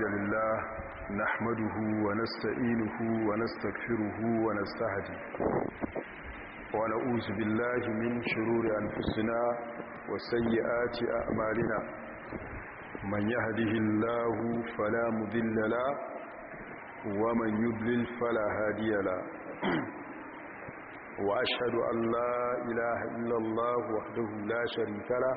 الحمد لله نحمده ونستعينه ونستغفره ونستهديه ونعوذ بالله من شرور أنفسنا وسيئات أعمالنا من يهده الله فلا مذل له ومن يضلل فلا هادي له وأشهد أن لا إله إلا الله وحده لا شريك له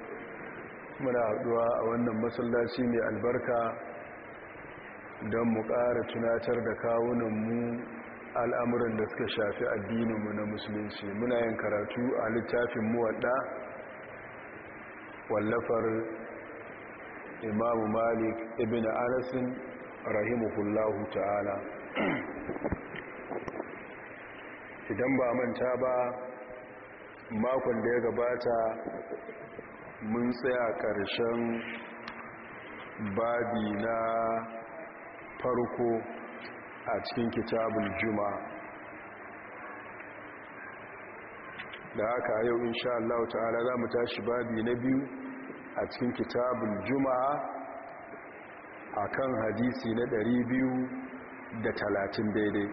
muna haɗuwa a wannan masallaci mai albarka don mu ƙara tunatar da kawunanmu al'amuran da suka shafi addininmu na musulunci muna yin karatu a littafin muwadda wallafar imamu malik ibn rahimu rahimahullahu ta'ala idan ba manta ba makon da ya gabata mun tsaya ƙarshen babi na farko a cikin kitabun Juma, da haka yau insha Allah ta'ala za mu tashi babi na biyu a cikin kitabun Juma a kan hadisi na da 230 daidai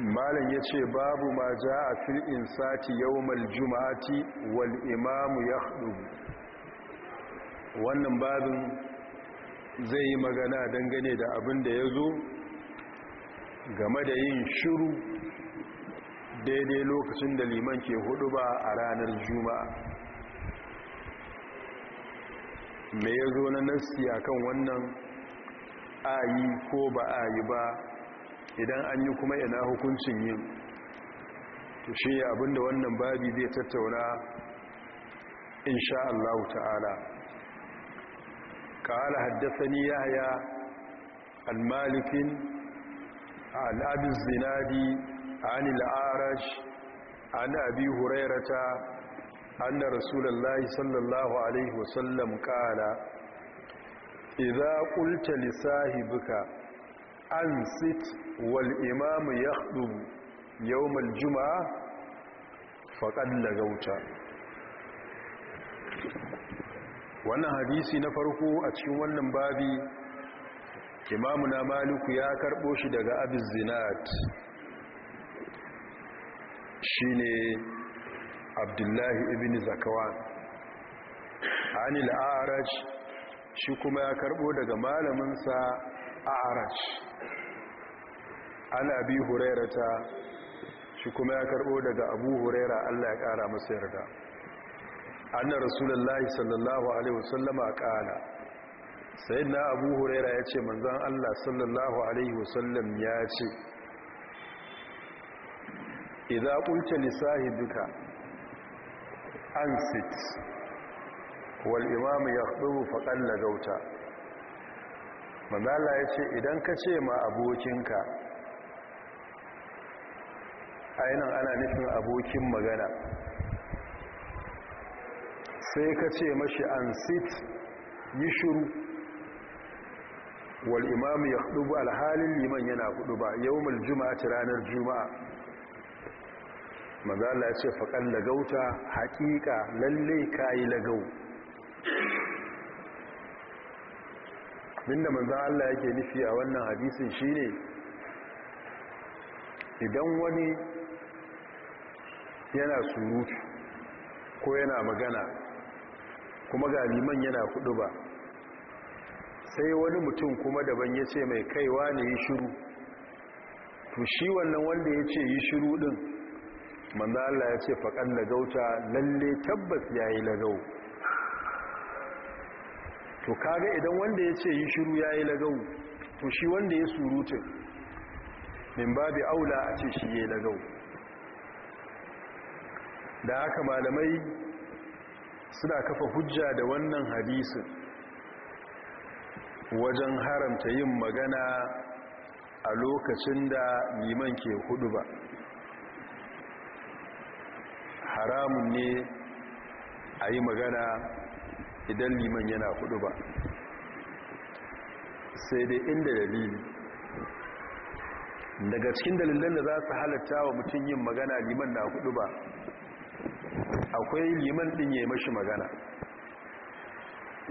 malam ya ce babu ma ja a fil'in sati yau juma'ati wal imamu ya wannan babin zai yi magana dangane da abin da ya zo game da yin shiru daidai lokacin da liman ke hudu ba a ranar juma'a mai ya zo na nasi a kan wannan ayi ko ba a yi ba idan an yi kuma ina hukuncin yin to shi abinda wannan babi zai tattauna in sha'allahu ta'ala ƙa'ala haddasa ni yaya al-malifin zinari, abin zinadi an al-arash an abi hurairata anna rasulullahi sallallahu alaihi wasallam ƙa'ala idza qulta li sahibika an sit wal imamu ya ɗubu yawon juma'a faƙad gauta. wannan hadisi na farko a cikin wannan babi imamu na maliku ya karɓo shi daga abin zinat shi ne abdullahi ibn zakawan anil arash shi kuma ya karɓo daga malaminsa a'araj ana bi huraira ta shi kuma ya karbo daga abu huraira allah ya kara masa yarda annar rasulullahi sallallahu alaihi wasallama kala sai na abu huraira ya ce manzan allah sallallahu alaihi wasallam ya ce idan kunce lissahi duka an sit wal imam ya na gauta manzala ya ce idan ka ce ma abokinka ainihin ana nufin abokin magana sai ka ce mashi an sit yi shuru wal imamu ya hudu alhalin liman yana hudu ba yau mul juma'a ci ranar juma'a manzala ya ce faƙan lagauta haƙiƙa lalle ka yi lagau da manzan Allah yake nufi a wannan hadisin shine idan wani yana surutu ko yana magana kuma ga liman yana kudu ba sai wani mutum kuma daban ya ce mai kaiwa ne yi shiru to shi wannan wanda ya ce yi shiru din manzan Allah ya ce faƙan lagauta lalle tabbas ya yi lagau to kaga idan wanda ya ce yi shiru ya yi lagau to shi wanda ya surutun min bi aula a ce shi ya yi lagau da haka malamai suna kafa hujja da wannan hadisin wajen haramta yin magana a lokacin da liman ke hudu ba haramun ne a yi magana idan liman yana hudu ba sai dai inda dalili daga cikin dalilan da za su halatta wa mutum yin magana liman na hudu ba akwai liman din ya mashi magana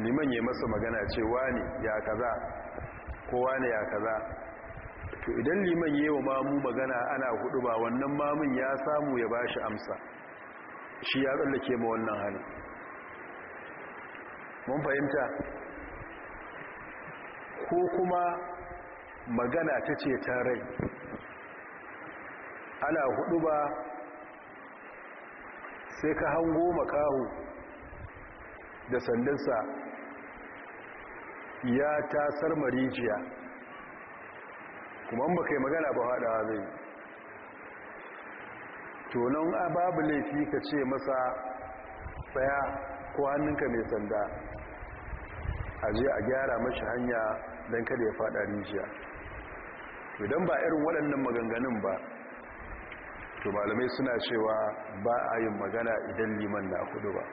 liman ya masa magana ce wani ya kaza kowa ne ya kaza to idan liman ya yi wa mamu magana ana hudu ba wannan mamun ya samu ya ba shi amsa shi ya tsallake ma wannan hannu. mun fahimta ko kuma magana ta ce ta rai ana hudu ba sai ka hango makahu da sandinsa ya tasar marijiya kuma ba kai magana ba haɗawa zai tonon babu laifi ka ce masa tsaya ko hannunka mai sanda a je a gyara mashi hanya don kada ya fada rijiya idan ba irin waɗannan maganganun ba to malamai suna cewa ba a yin magana idan liman na kuɗi ba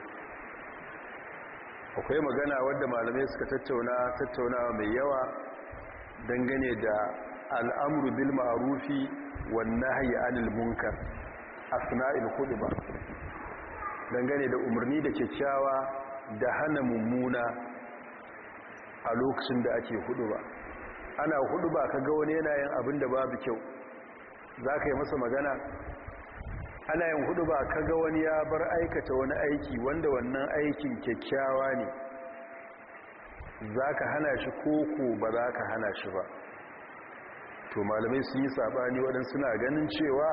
akwai magana wadda malamai suka tattauna tattaunawa mai yawa dangane da al'amru bil ma'arufi wannan haya anil munkar a asna'il ba dangane da umarni da kyakkyawa da hana mummuna a lokacin da ake hudu ba ana hudu ba ka ga wani yanayin abin da babu kyau za ka yi masa magana ana yin hudu ba ka ga wani ya bar aikata wani aiki wanda wannan aikin kyakkyawa ne za ka hana shi koko ba za ka hana shi ba to malamai sun yi saɓani waɗansu suna ganin cewa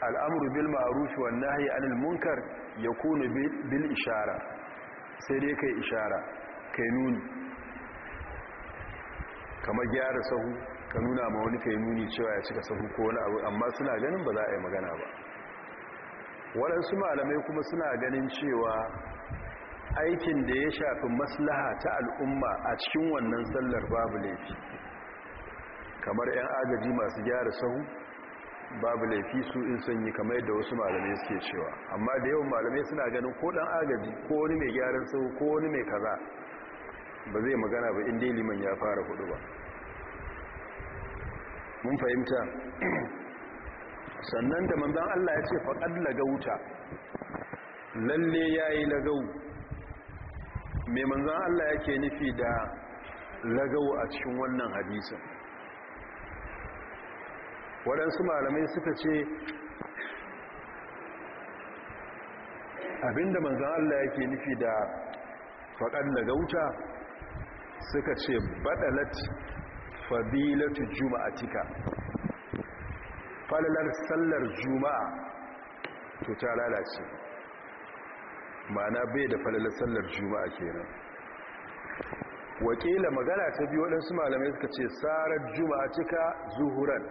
al'amuru bil ma'arufi wannan haye anil munkar ya kuna bil ishara sai dai ka yi ishara kai nuni kamar gyara sahu ka nuna ma wani ka yi nuni cewa ya cika sahu ko wani abu amma suna ganin ba za a yi magana ba waɗansu malamai kuma suna ganin cewa aikin da ya shafi maslaha ta al'umma a cikin wannan sallar babu laifi kamar 'yan agaji masu gyara sahu babu laifi su in sun kamar yadda wasu malamai suke cewa amma da yawan malamai suna ganin ko ɗan agaji ko wani mai gyaran sahu ko wani mai kaza ba zai magana ba inda liman ya fara kudu ba mun fahimta sannan da manzan Allah ya ce faƙad lagauta lalle ya yi lagau mai manzan Allah ya ke nufi da lagau a cikin wannan hadisa waɗansu malamai suka ce abinda manzan Allah ya ke nufi da faƙar lagauta suka ce badalat fadilatu juma'atika falalar sallar juma'a to ta lalace mana bai da falalar sallar juma'a kenan wakila magana ta biyu waɗansu malamai suka ce sarar cika zuhuran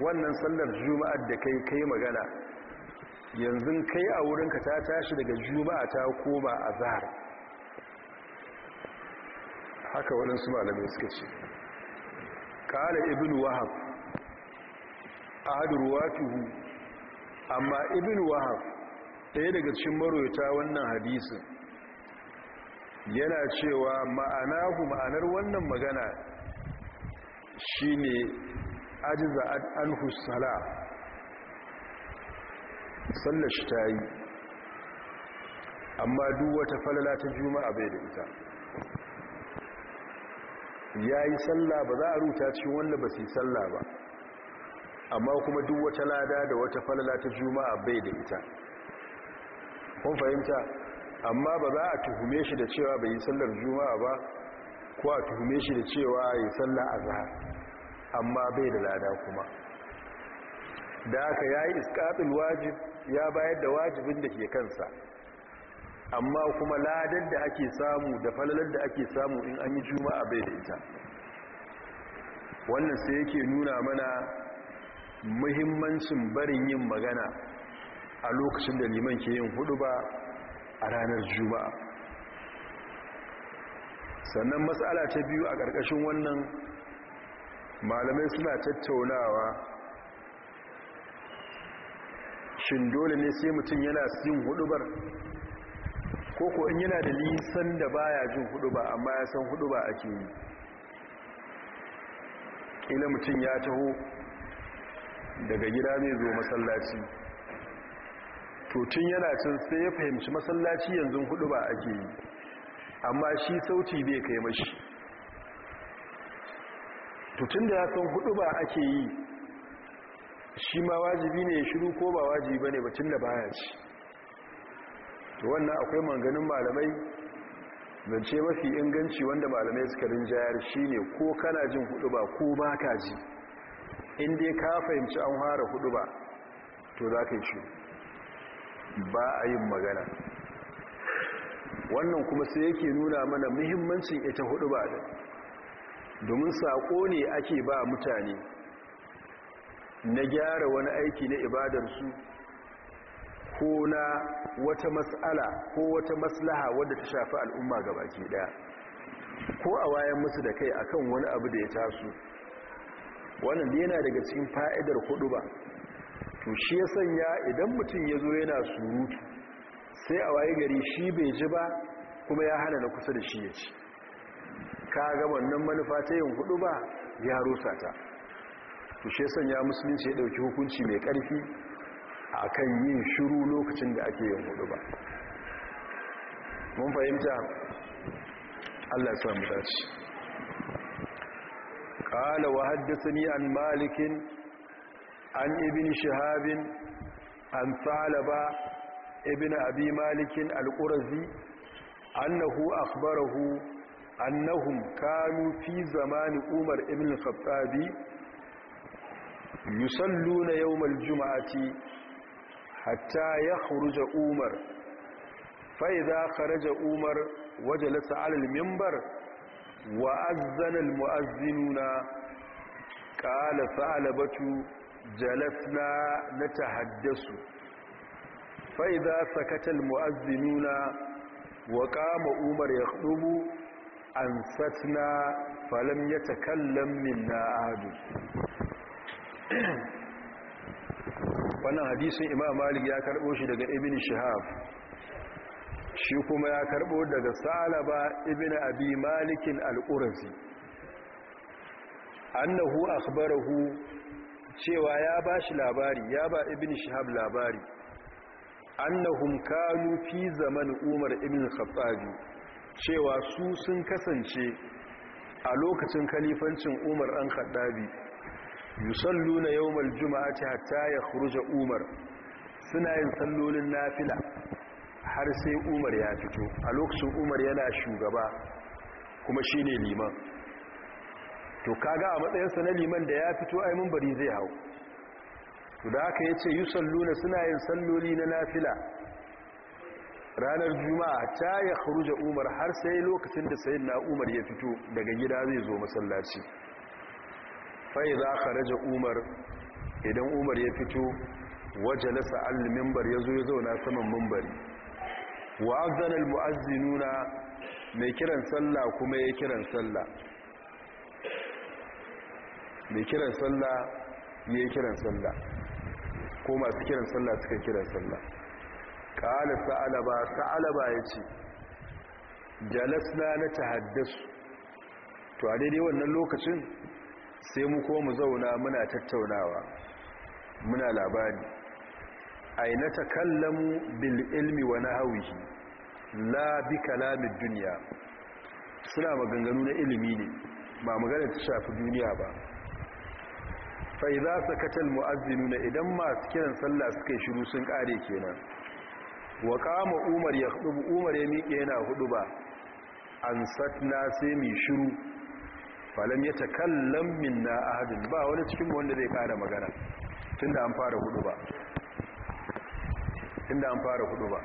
wannan sallar juma'ar da kai kai magana yanzu kai a wurinka ta tashi daga juma'a ta koma a zahar haka waɗansu malamai suka ce ƙala ibn wahab ahadur watuhu amma ibn wahab ɗaya daga cikin marota wannan hadisin yana cewa ma'anahu ma'anar wannan magana shine ajiza anhu sala sallar shi ta yi amma duk wata falala ta juma'a bai da ita ya yi sallah ba za a ruta cikin wanda ba su yi sallah ba amma kuma duk wata lada da wata falala ta juma'a bai da ita kun fahimta amma ba za a tuhume shi da cewa bai yi sallar juma'a ba ko a tuhume shi da cewa ya yi a zahar, amma bai da lada kuma da aka ya yi iskatul wajib ya bayar da wajibin da ke kansa amma kuma ladar da ake samu da falalar da ake samu in an yi juma'a bai da ita wannan sai yake nuna mana muhimmancin barin yin magana a lokacin da liman ke yin hudu ba a ranar juma'a sannan matsala ta biyu a ƙarƙashin wannan malamai suna tattaunawa shin dole ne sai mutum yana yin hudubar ko ko in yana da nisan da baya jin hudu ba amma ya san hudu ba ake yi ila mutum ya taho daga gida mai zo masallaci to tun yana cin sai ya fahimci masallaci yanzu hudu ba ake yi amma shi sauti bai kai mashi to tun da ya san hudu ba ake yi shi ma wajibi ne ya shiru ko ba wajibi ba ne batun da baya ci to wannan akwai manganin malamai ce mafi inganci wanda malamai suka rinjayar shi ne ko kana jin hudu ba ko ba ka ji in dai ka fahimci an hara hudu ba to za ka yi shi ba a yin magana wannan kuma sai yake nuna mana muhimmancin ita hudu ba da domin saƙo ne ake ba mutane na gyara wani aiki na ibadarsu ko na wata matsala ko wata maslaha wadda ta shafi al'umma gabaki daya ko a wayan musu da kai akan wani abu da ya taso wannan yana daga cikin fa'idar hudu ba to shi ya sanya idan mutum ya zo yana surutu sai a waye gari shi bai ji ba kuma ya hana na kusa da shi ya ci ka ga wannan manufa ta yin hudu ba ya rusa ta to shi ya sanya musulunci ya ɗauki hukunci mai ƙarfi. a kan yin shuru lokacin da ake yin hudu ba mun fahimta allah sa mu dace ƙala wa haddasa ni an malikin an ibin shahabin an salaba ibin abi malikin al'urazi annahu akhbarahu annahum kanu fi zamani umar Kaffabi, Musallu na yau Maljuma'ati. hatta ya umar fa idza kharaja umar wajalasa ala al-minbar wa azzana na muazzinuna qala sa'alabatu jalasna natahaddasu fa idza sakata muazzinuna wa qama umar yakhdubu ansatna falam yatakallam minna ahad wannan hadisin imam malik ya karbo shi daga ibn shihab shi kuma ya karbo daga salaba ibn abi malikin al-qurazi annahu akhbarahu cewa ya bashi labari ya ba ibn shihab labari annahum kanu fi zaman umar ibn khattabi cewa su sun kasance a lokacin kalifancin umar an khattabi yusalluna yawmal juma'ati hatta yakhruja umar suna yin sallolin nafila har sai umar ya fito a lokacin umar yana shugaba kuma shine liman to kaga a matsayinsa na liman da ya fito ai bari zai hau to da ce, yace na suna yin salloli na nafila ranar juma'a ta ya umar har sai lokacin da sayyidina umar ya fito daga gida zai zo masallaci fai za ka raja umar idan umar ya fito waje na sa'al mimbar ya zo ya zauna saman mimbari wa mu’azzi nuna mai kiran sallah kuma ya kiran sallah mai kiran sallah ya kiran sallah ko masu kiran sallah suka kiran sallah ƙala sa'alaba sa'alaba ya ce jalasna na ta haddasu. to a daidai wannan lokacin sai mu ko mu zauna muna tattaunawa muna labari aina kallamu bil ilmi wa nahwihi la bi kalamin dunya suna maganganu na ilimi ne ba magana ta shafi duniya ba fa idza sakata al mu'azzinuna idan masu kiran sallah suka shiru sun kare kenan wa qama umar yakhdubu umar ya miƙe yana hudu ba ansatna sai mi shiru falam ya takallam minna ahadin ba wani cikin wanda zai kara magana tunda an fara hudu ba tunda an fara hudu ba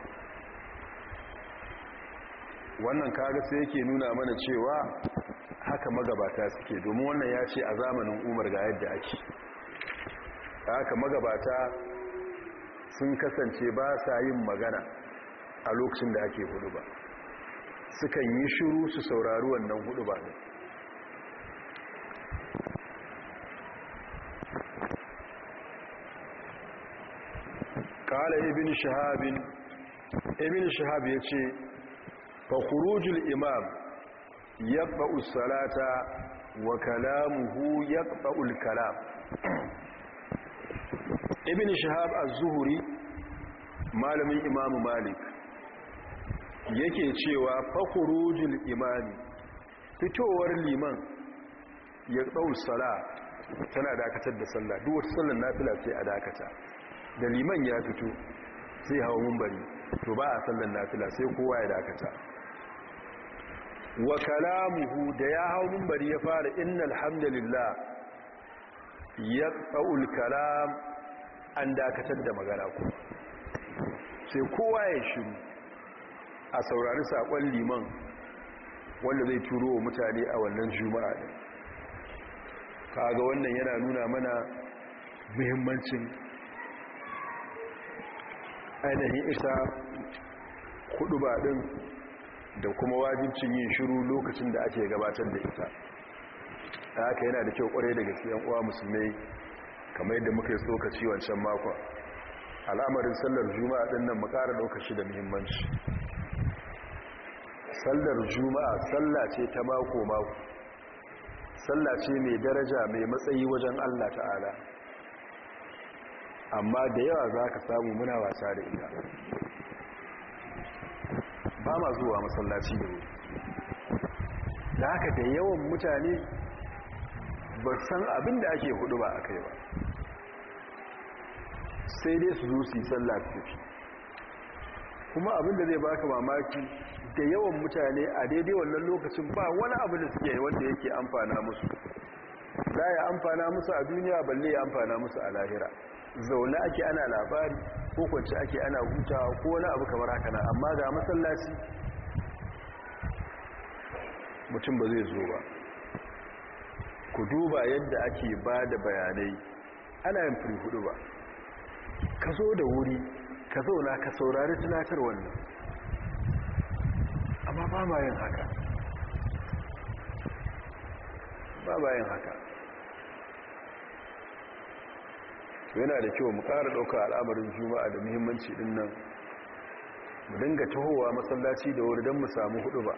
wannan kaga sai yake nuna mana cewa haka magabata suke domin wannan ya ce a zamanin umar ga yadda ake haka magabata sun kasance ba sa yin magana a lokacin da ake hudu ba sukan yi shuru su saurari wannan hudu ba ne kala ibn shahabin ibn shahab ya ce fa khurujul imam yabba'u salata wa kalamuhu yabba'ul kalam ibn shahab az-zuhri malamin imam malik yake cewa fa khurujul imami fitowar liman ya ɗau sala tana dakatar da sallah duk wata sallar nafila ce a dakata da liman ya fito sai hawa mumbari to ba a sallan nafila sai kowa ya dakata wa kalamuhu da ya hawa mumbari ya fara innal hamdalillah ya tsaul kalam an dakatar da magana ku sai kowa ya shiru a saurari saƙon liman wanda zai turo wa mutane a wannan juma'a ɗin kaga wannan yana nuna mana muhimmancin ainihin isa hudu ba da kuma wajibcin yin shiru lokacin da ake gabatar da ita haka yana da kyau kwarai daga siyan uwa musulmai kamar yadda muka yi tsokaci wancan makon al'amarin sallar juma'a ɗin nan makara lokaci da muhimmanci sallar juma'a salla ce ta mako mako salla ce mai daraja mai matsayi wajen Allah ta'ala amma da yawa za ka samu muna wasa da ita ba ma zuwa masallaci da wuri da haka da yawan mutane ba san abin da ake hudu ba a kai ba sai dai su zo su yi sallafi. kuma abin da zai baka mamaki da yawan mutane a daidai wannan lokacin ba wani abu da suke wanda yake amfana musu za ya amfana musu a duniya balle ya amfana musu a lahira zaune ake ana labari ko kwanci ake ana hutawa ko wani abu kamar haka na amma ga masallaci mutum ba zai zo ba ku duba yadda ake ba da bayanai ana yin firi ba ka zo da wuri ka zauna ka saurari tunatar wannan amma ba ma haka ba yin haka yana da kyau mu ƙara ɗauka al'amarin juma'a da muhimmanci ɗin nan mu dinga tahowa masallaci da wuri don mu samu hudu ba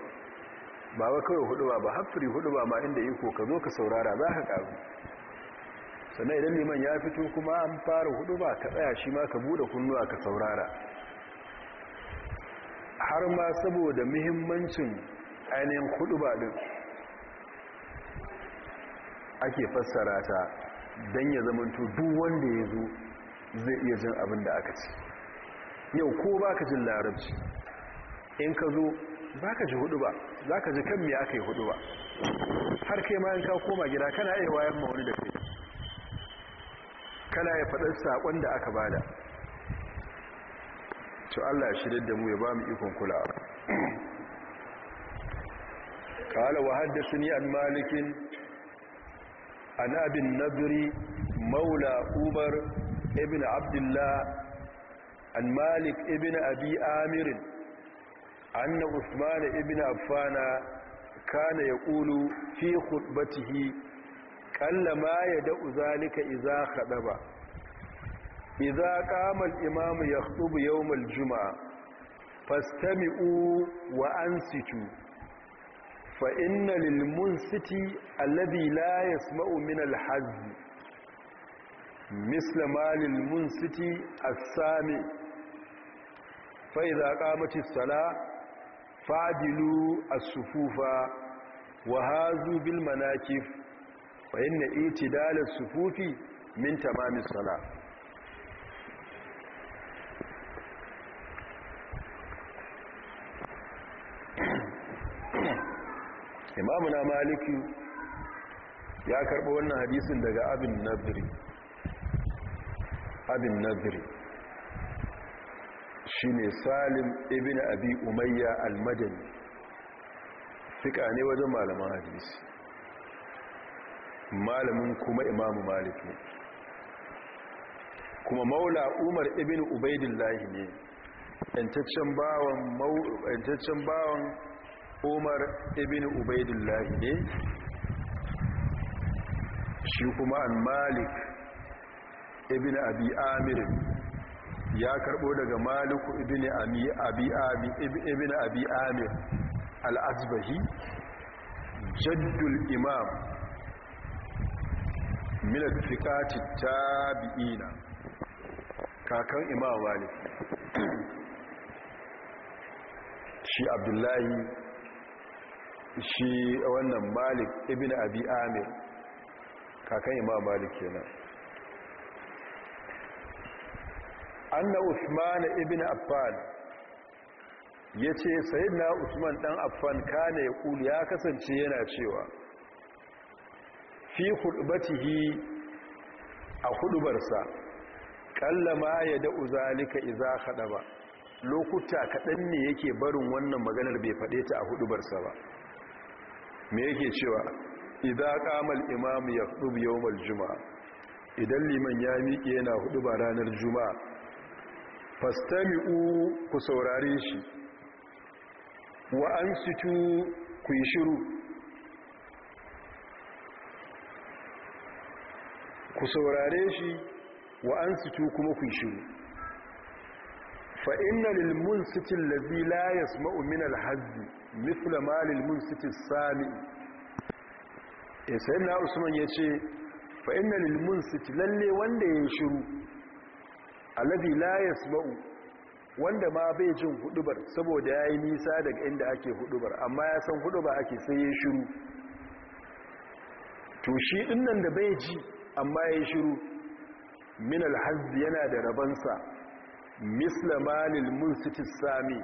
ba wa kawai hudu ba ba haffiri hudu ba ma inda iko ka zo ka saurara za ka ƙaru sannan idan liman ya fito kuma an fara hudu ba ka tsaya shi ma ka buɗe kunnuwa ka saurara har ma saboda muhimmancin ainihin hudu ba ɗin ake fassara ta don ya zamanto duk wanda ya zo zai iya jin abin da aka ce yau ko ba ka jin larabci in ka zo ba ka ji hudu ba za ka ji kan me aka yi hudu ba har kai ma ka koma gida kana iya wayan ma wani da kai kana ya faɗar saƙon da aka bada to Allah shirin da mu ya ba mu ikon kula قال وحدثني عن مالك an abin nabiri maula umar ibn abdullah an malik ibn abi amirin anna usman ibn affana kana yaqulu fi khutbatihi kallama yad'u zalika idza khadaba Iza qama al-imam yakhutubu juma'a. fastami'u wa ansitu Fa'inna inna lil munsiti alladhi la yasma'u min al hazz misla ma lil munsiti as-sami fa idha qamati as-salah sufufa wa hazu bil manakif fa inna sufufi min tamami as Imamu na maliki ya karɓi wannan hadisin daga abin nadiri abin nadiri shi ne salim ibn abi umayya al-madani fika ne wajen malaman hadisi malamin kuma imamu maliki kuma maula umar ibn ubaidillahi ne yantaccen bawan umar ibn ubaidullahi ne shi kuma an malik ibn abi amir ya karbo daga maliku ibn abi amir al-azbahi jaddul imam milar ta tabi'ina kakan imam malik shi abdullahi shi wannan malik ibn abi amir kakan ima malik kenan anna usman ibn affan yace sayyidina usman dan affan kana ya kuli ya kasance yana cewa fi khutbatihi a hudubarsa kallama ya da'u zalika idza khadaba lokuta kadan ne yake barin wannan maganar bai fade ta a hudubarsa ba me yake cewa idan qamal imam ya yaqtub yawmal juma'a idan liman ya miƙe yana hudu ba ranar juma'a fastami'u ku saurare shi wa ansitu ku yi shiru ku saurare shi wa ansitu kuma ku yi shiru fa inna lil munsiti allazi la yasma'u min al hazzi mithla ma lil munsiti sami eh, sayyidina usman yace fa inna lil munsiti lalle wanda ya shiru allazi la yasma'u wanda ma bai jin hudubar saboda yayi yi nisa daga inda ake hudubar amma ya san hudubar ake sai ya shiru to shi dinnan da bai ji amma ya shiru min alhazzi yana da rabansa misla malil sami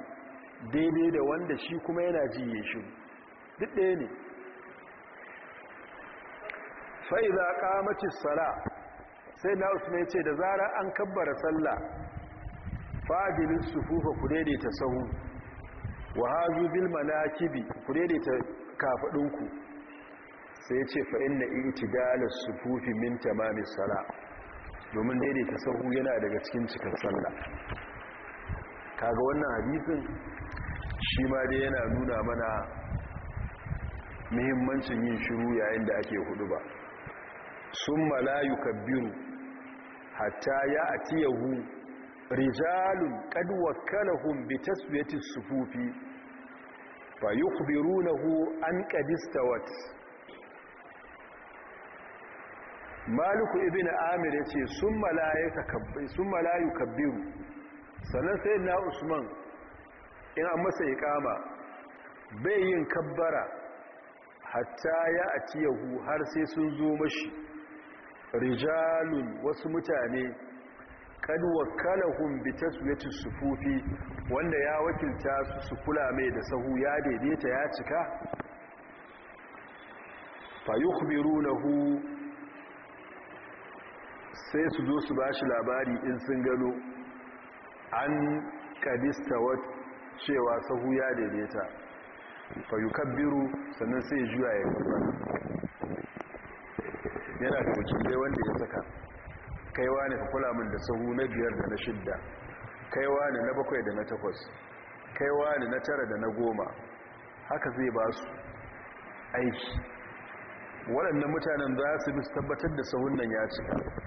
daidai da wanda shi kuma yana jiye shi duk ɗaya ne fai za kamaci sala sai na usman ce da zara an kabbara sallah fadilin sufufa ku daidaita sahu wa bil manakibi ku daidaita kafadunku sai ce fa'in na itidalus sufufi min tamamin sala domin daidaita sahu yana daga cikin cikin sallah kaga wannan hadisin shi ma dai yana nuna mana muhimmancin yin shiru yayin da ake hudu ba sun malayu kabiru hatta ya atiyahu rijalun kadwakalahum bi taswiyati sufufi fa hu, an wata maliku ibn amir ya ce sun malayu kabbiru sannan sai na usman in an masa ikama bai yin kabbara hatta ya a ciyahu har sai sun zo mashi rijalun wasu mutane kad wakalahum bi taswiyati sufufi wanda ya wakilta su su kula mai da sahu ya daidaita ya cika fa yukhbirunahu sai su zo su ba shi labari in sun gano an kadista cewa sahu ya daidaita fayukabbiru sannan sai juya ya kuma yana da dai wanda ya saka kaiwa ne ka kula min da sahu na biyar da na shidda kaiwa ne na bakwai da na takwas kaiwa ne na tara da na goma haka zai ba su aiki waɗannan mutanen za su bi tabbatar da sahun nan ya cika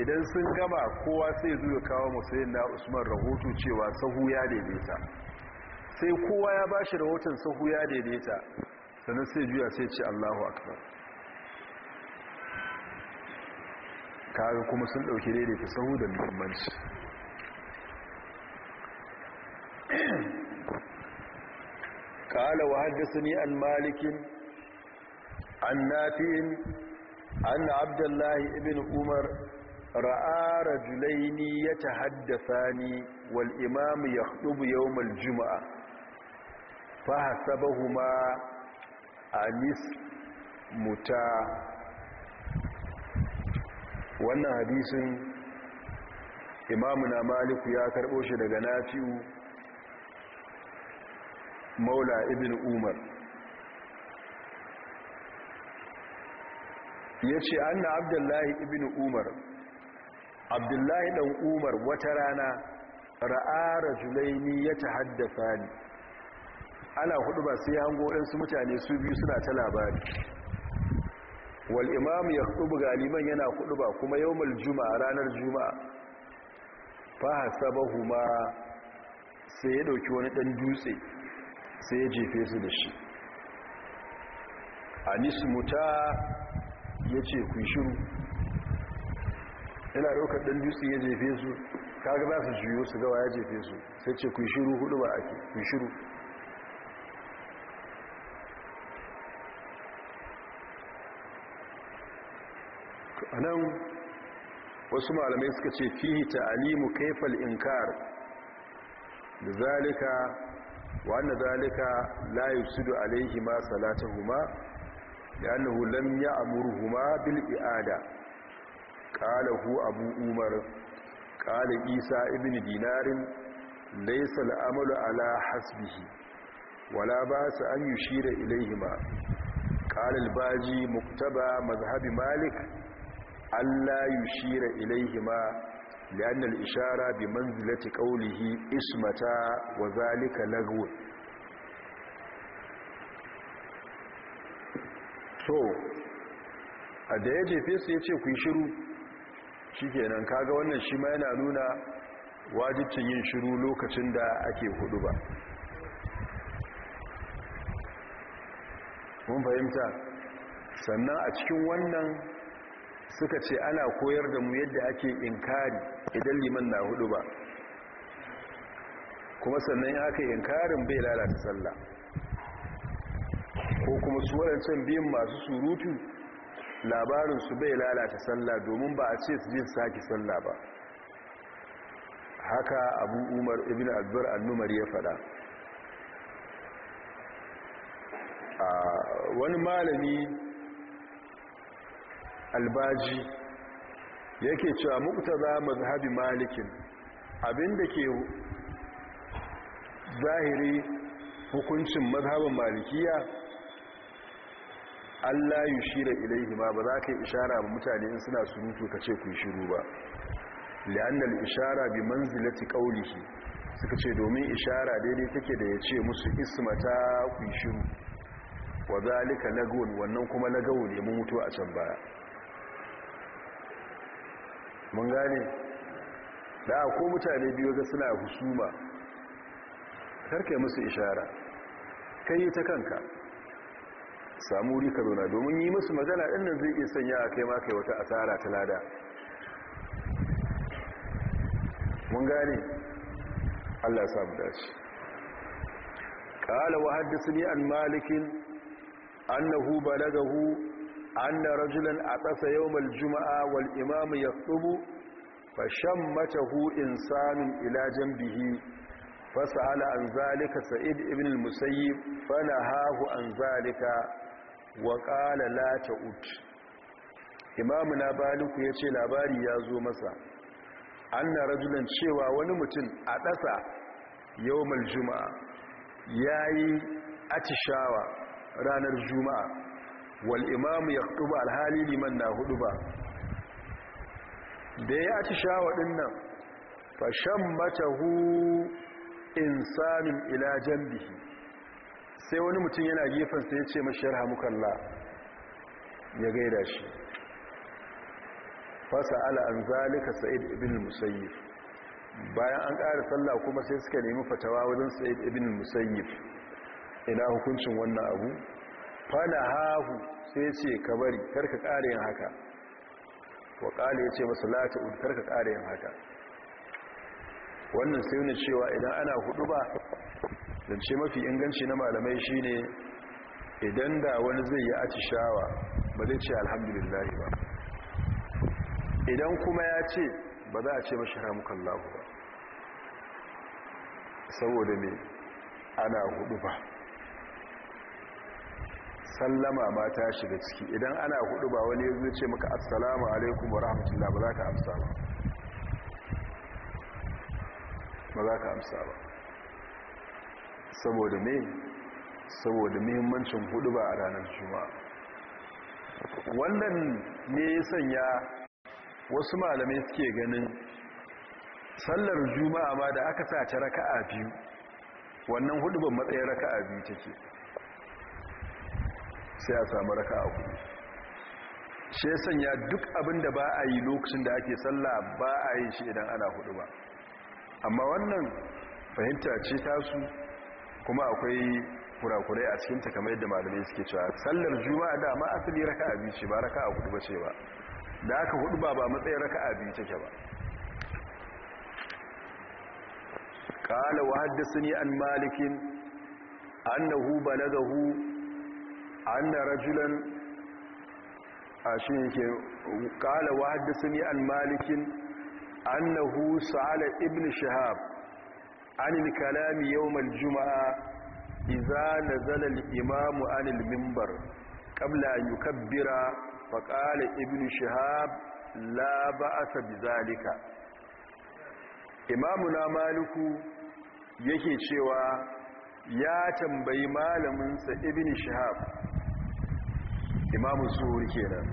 idan sun gama kowa sai zuwa kawo musayin na usman rahoto cewa sahu ya daidaita sai kowa ya ba shi rahoton sahu ya daidaita sannan sai juya sai ce allahu akbar kayan kuma sun ɗauki daidaita sahu da muhimmanci قال وحدثني عن مالك عن نافع anna abdullahi ibn umar ra'a rajulaini ni wal imam yakhutubu yawm al Juma'a. fa hasabahuma anis muta wannan hadisin imamu na maliku ya karbo shi daga nafi'u maula ibn umar ya ce an na abdullahi ibn umar abdullahi ɗan umar wata rana ra'ara Julaini ya ta haddasa ni ana hudu ba sai hango ɗansu mutane su biyu suna ta labari wal imam ya hudu galiman yana hudu ba kuma yawmul juma'a ranar juma'a fa hasabahuma sai ya dauki wani ɗan dutse sai ya jefe su da shi anismuta ya ce ku shiru yana ɗaukar ɗan dutse ya jefe su kaga za su juyo su gawa ya jefe su sai ce ku shiru hudu ba ake ku shiru a wasu malamai suka ce fihi ta'alimu kaifal inkar da zalika wa anna zalika la yusudu alaihi ma salatuhuma لأنه لم يأمرهما بالإعادة قاله أبو أمر قال إيسى ابن دينار ليس الأمل على حسبه ولا بأس أن يشير إليهما قال الباجي مكتبى مذهب مالك ألا يشير إليهما لأن الإشارة بمنزلة قوله اسمتا وذلك لغوه to a da ya jefe su ya ce ku yi shiru shi kenan kaga wannan shi ma yana nuna wajibcin yin shiru lokacin da ake hudu ba mun fahimta sannan a cikin wannan suka ce ana koyar da mu yadda ake inkari idan liman na hudu ba kuma sannan ya aka inkarin bai lalata sallah ko kuma su waɗancan biyan masu surutu labarin su bai lalata sallah domin ba a ce su ji sake sallah ba haka abu umar ibn azbar annumar ya faɗa wani malami albaji yake cewa za a mazhabi malikin abinda ke zahiri hukuncin mazhabin malikiya Allah shira ilaihi ma ba za ka yi ishara ba mutane in suna surutu ka ce ku shiru ba li'anna ishara bi manzilati shi, suka ce domin ishara daidai take da ya ce musu ismata ku shiru wa zalika lagwun wannan kuma lagawu ne mun mutu a can baya mun gane da ko mutane biyu ga suna husuma yi musu ishara kai ta kanka samu wuri ka zauna domin yi musu magana ɗin nan zai iya sanya a kai maka wata asara ta lada mun gane allah samu dace ƙala wa haddasa an malikin annahu balagahu anna rajulan a ƙasa yawmal juma'a wal imamu ya tsubu fashan matahu insanin ilajen bihi فسأل sa'id ذلك سعيد ابن المسيب فنهاه عن ذلك wa ƙala la ut imamu Baliku ya ce labari ya zo masa an na rajulan cewa wani mutum a ɗasa yau mal juma'a ya yi atishawa ranar juma'a wal imamu ya ɗuba alhali liman na hudu ba da ya atishawa ɗin nan fashan matahu insanin ila jambihi sai wani mutum yana gefensa ya ce mashi Mukalla ya gaida shi fasa ala an zalika sa'id ibn musayyif bayan an ƙara sallah kuma sai suka nemi fatawa wajen sa'id ibn musayyif ina hukuncin wannan abu fana hahu sai ce ka bari karka ƙara yin haka wa ƙala ya ce masu lati karka ƙara yin haka wannan sai ne cewa idan ana hudu ba ce mafi inganci na malamai shi ne idan da wani zai yi atishawa ba zai ce alhamdulillahi ba idan kuma ya ce ba za a ce mashi ramukallahu ba saboda me ana hudu ba sallama ma ta shiga ciki idan ana hudu ba wani ya zai ce maka assalamu alaikum wa rahmatullahi ba za ka amsa ba ba za ka amsa ba saboda me saboda muhimmancin hudu ba a ranar juma'a wannan ne ya sanya wasu malamai suke ganin sallar juma'a ma da aka sace raka'a biyu wannan hudu ban matsayin raka'a biyu take sai a samu raka'a hudu shi ya sanya duk abin da ba a yi lokacin da ake sallah ba a yi shi idan ana hudu ba amma wannan fahimta ce tasu kuma akwai kurakurai a cikin ta kamar yadda malamai suke cewa sallar juma'a da ma asali raka'a biyu ce ba a hudu ba ce ba da aka hudu ba ba matsayin raka'a biyu take ba an وحدثني عن مالك أنه بلغه أن رجلا أشيك قال وحدثني an malikin annahu sa'ala ibn shihab anil kalami yawmal juma'a idza nazala imamu anil mimbar qabla an yukabbira fa qala ibn shihab la ba'sa bizalika imamuna maliku yake cewa ya tambayi malaminsa ibn shihab imamu zuhur kenan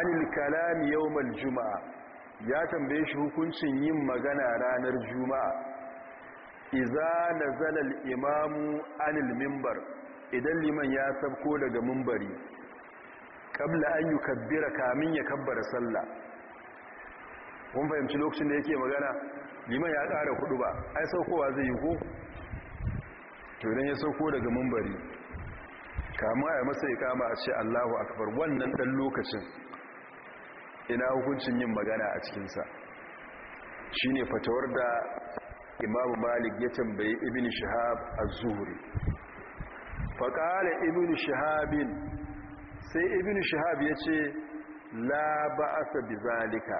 anil kalami yawmal juma'a ya tambaye shi hukuncin yin magana ranar juma'a iza nazala al-imamu anil mimbar, idan liman ya sabko daga minbari kabla an yukabbira kamin ya kabbara sallah kun fahimci lokacin da yake magana liman ya ƙara hudu ba ai saukowa zai yi ko to idan ya sauko daga mimbari, kama a masa ikama a ce Allahu akbar wannan dan lokacin ina hukuncin yin magana a cikinsa shi ne fatawar da imamu malik ya tambayi ibn shahab a zuhuri faƙala ibn shahabin sai ibn shahab ya ce la ba a sabi zalika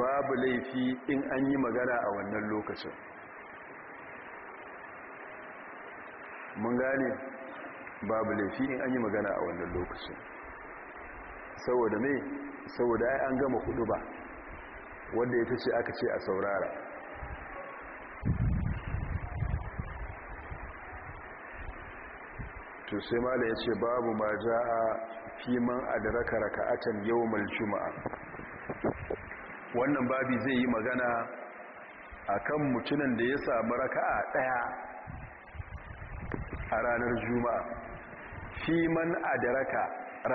babu laifi in an yi magana a wannan lokacin mun gane babu laifi in an yi magana a wannan lokacin saboda mai saboda ai an gama hudu ba wanda ya ce aka ce a saurara to sai mala ya ce babu ma ja a fiman adaraka raka'atan yawmal juma'a wannan babi zai yi magana akan mutumin da ya samu raka'a daya a ranar juma'a fiman adaraka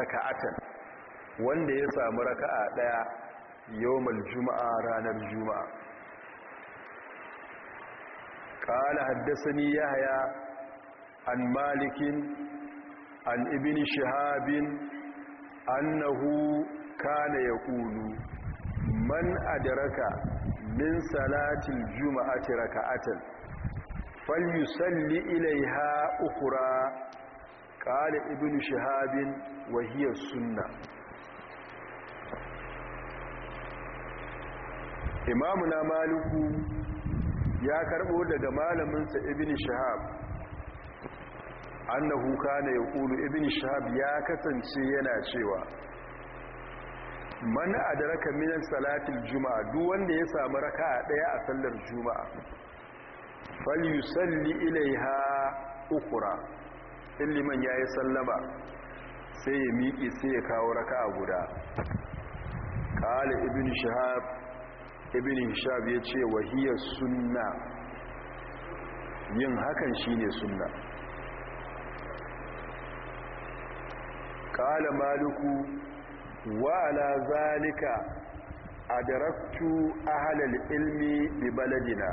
raka'atan wanda ya samu raka'a daya yawmal juma'a ranar juma'a qala haddathani yahya an malikin an ibn shihabin annahu kana yaqulu man adraka min salatil juma'ati raka'atan falyusalli ilaiha ukura qala Ibnu shihabin wa hiya sunnah imamu na maliku ya karbo daga malaminsa ibn shahab annahu kana yaqulu ibn shahab ya kasance yana cewa man adraka min salatil juma'a duk wanda ya samu raka'a daya a sallar juma'a falyusalli ilaiha ukura in ya yayi sallama sai ya miƙe sai ya kawo raka'a guda qala ibn shahab ibn hishab ya ce wahiyar sunna yin hakan shine sunna kala maliku wa ala zalika adaraktu ahlal ilmi bi baladina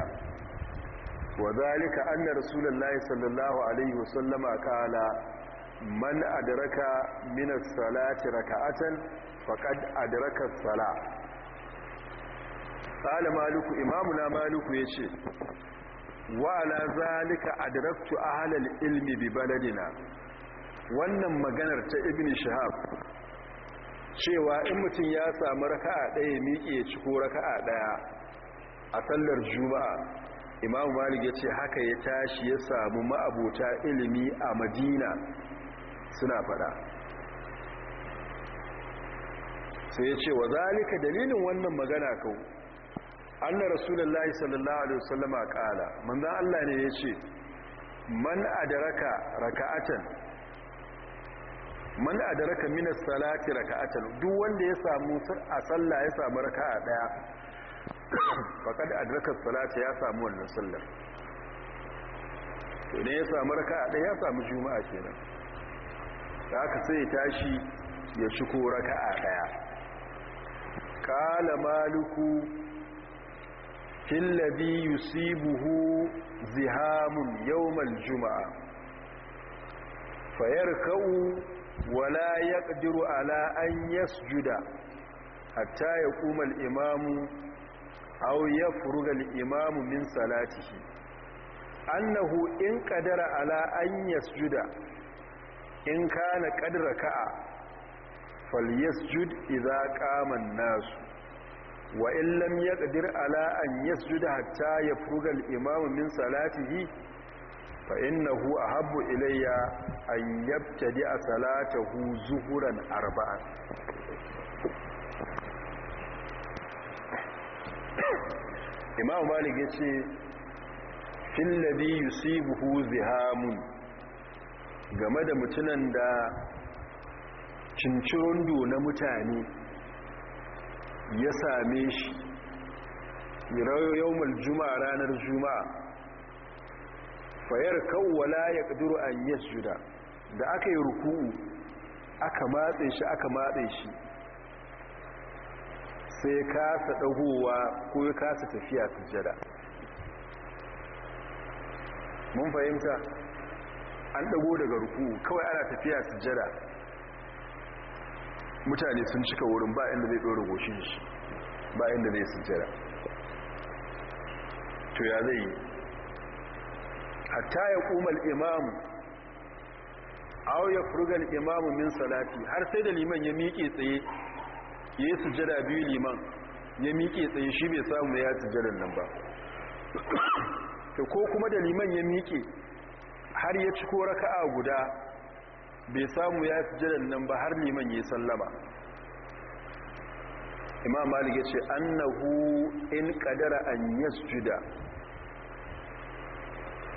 wa zalika anna rasulullahi sallallahu alaihi wasallama qala man adraka minas salati raka'atan faqad adraka sala. kala maluku na maluku ya ce a zalika adraktu ahlal ilmi bi baladina wannan maganar ta ibn shahab cewa in mutum ya samu raka'a ɗaya miƙe ya ci ko raka'a ɗaya a sallar juma'a imamu malik ya ce haka ya tashi ya samu ma'abuta ilimi a madina suna faɗa sai ya ce wa zalika dalilin wannan magana kau Allah rasulullahi sallallahu alaihi wasallama qala manzon Allah ne yace man adraka raka'atan man adraka min as-salati raka'atan duk wanda ya samu a sallah ya samu raka'a daya faqad adraka as-salata ya samu wannan sallar to ne ya samu raka'a daya ya samu juma'a kenan haka sai tashi ya shiko raka'a daya qala maliku hillabi yusibuhu zihamun yawmal juma'a fayarkau wala yaqdiru ala an yasjuda hatta yaquma al-imamu aw yafruga al-imamu min salatihi annahu in ƙadara ala an yasjuda in kana fal falyasjud idza qama an-nasu wa in lam yaqdir ala an yasjuda hatta yafruga al-imamu min salatihi fa innahu ahabbu ilayya an yabtadi salatahu zuhuran arba'an imamu malik yace fil ladhi yusibuhu zihamun game da mutunan da cincirondo na mutane ya same shi mal juma'a ranar juma'a fayar kawwala ya ƙaduru an yasjuda da aka yi ruku'u aka matse shi aka matse shi sai kasa ɗagowa ko ya kasa tafiya sujjada mun fahimta an ɗago daga ruku'u kawai ana tafiya sujjada mutane sun cika wurin ba inda zai ɗora goshin shi ba inda zai sujjara to ya zai hatta ya kuma al’imam au ya furgar min salati har sai da liman ya miƙe tsaye ya yi sujjara biyu liman ya miƙe tsaye shi bai samu ya sujjarar nan ba ko kuma da liman ya miƙe har ya ciko raka'a guda bai samu ya fi jiran nan ba har liman ya sallama imam malik ya ce annahu in kadara an yasjuda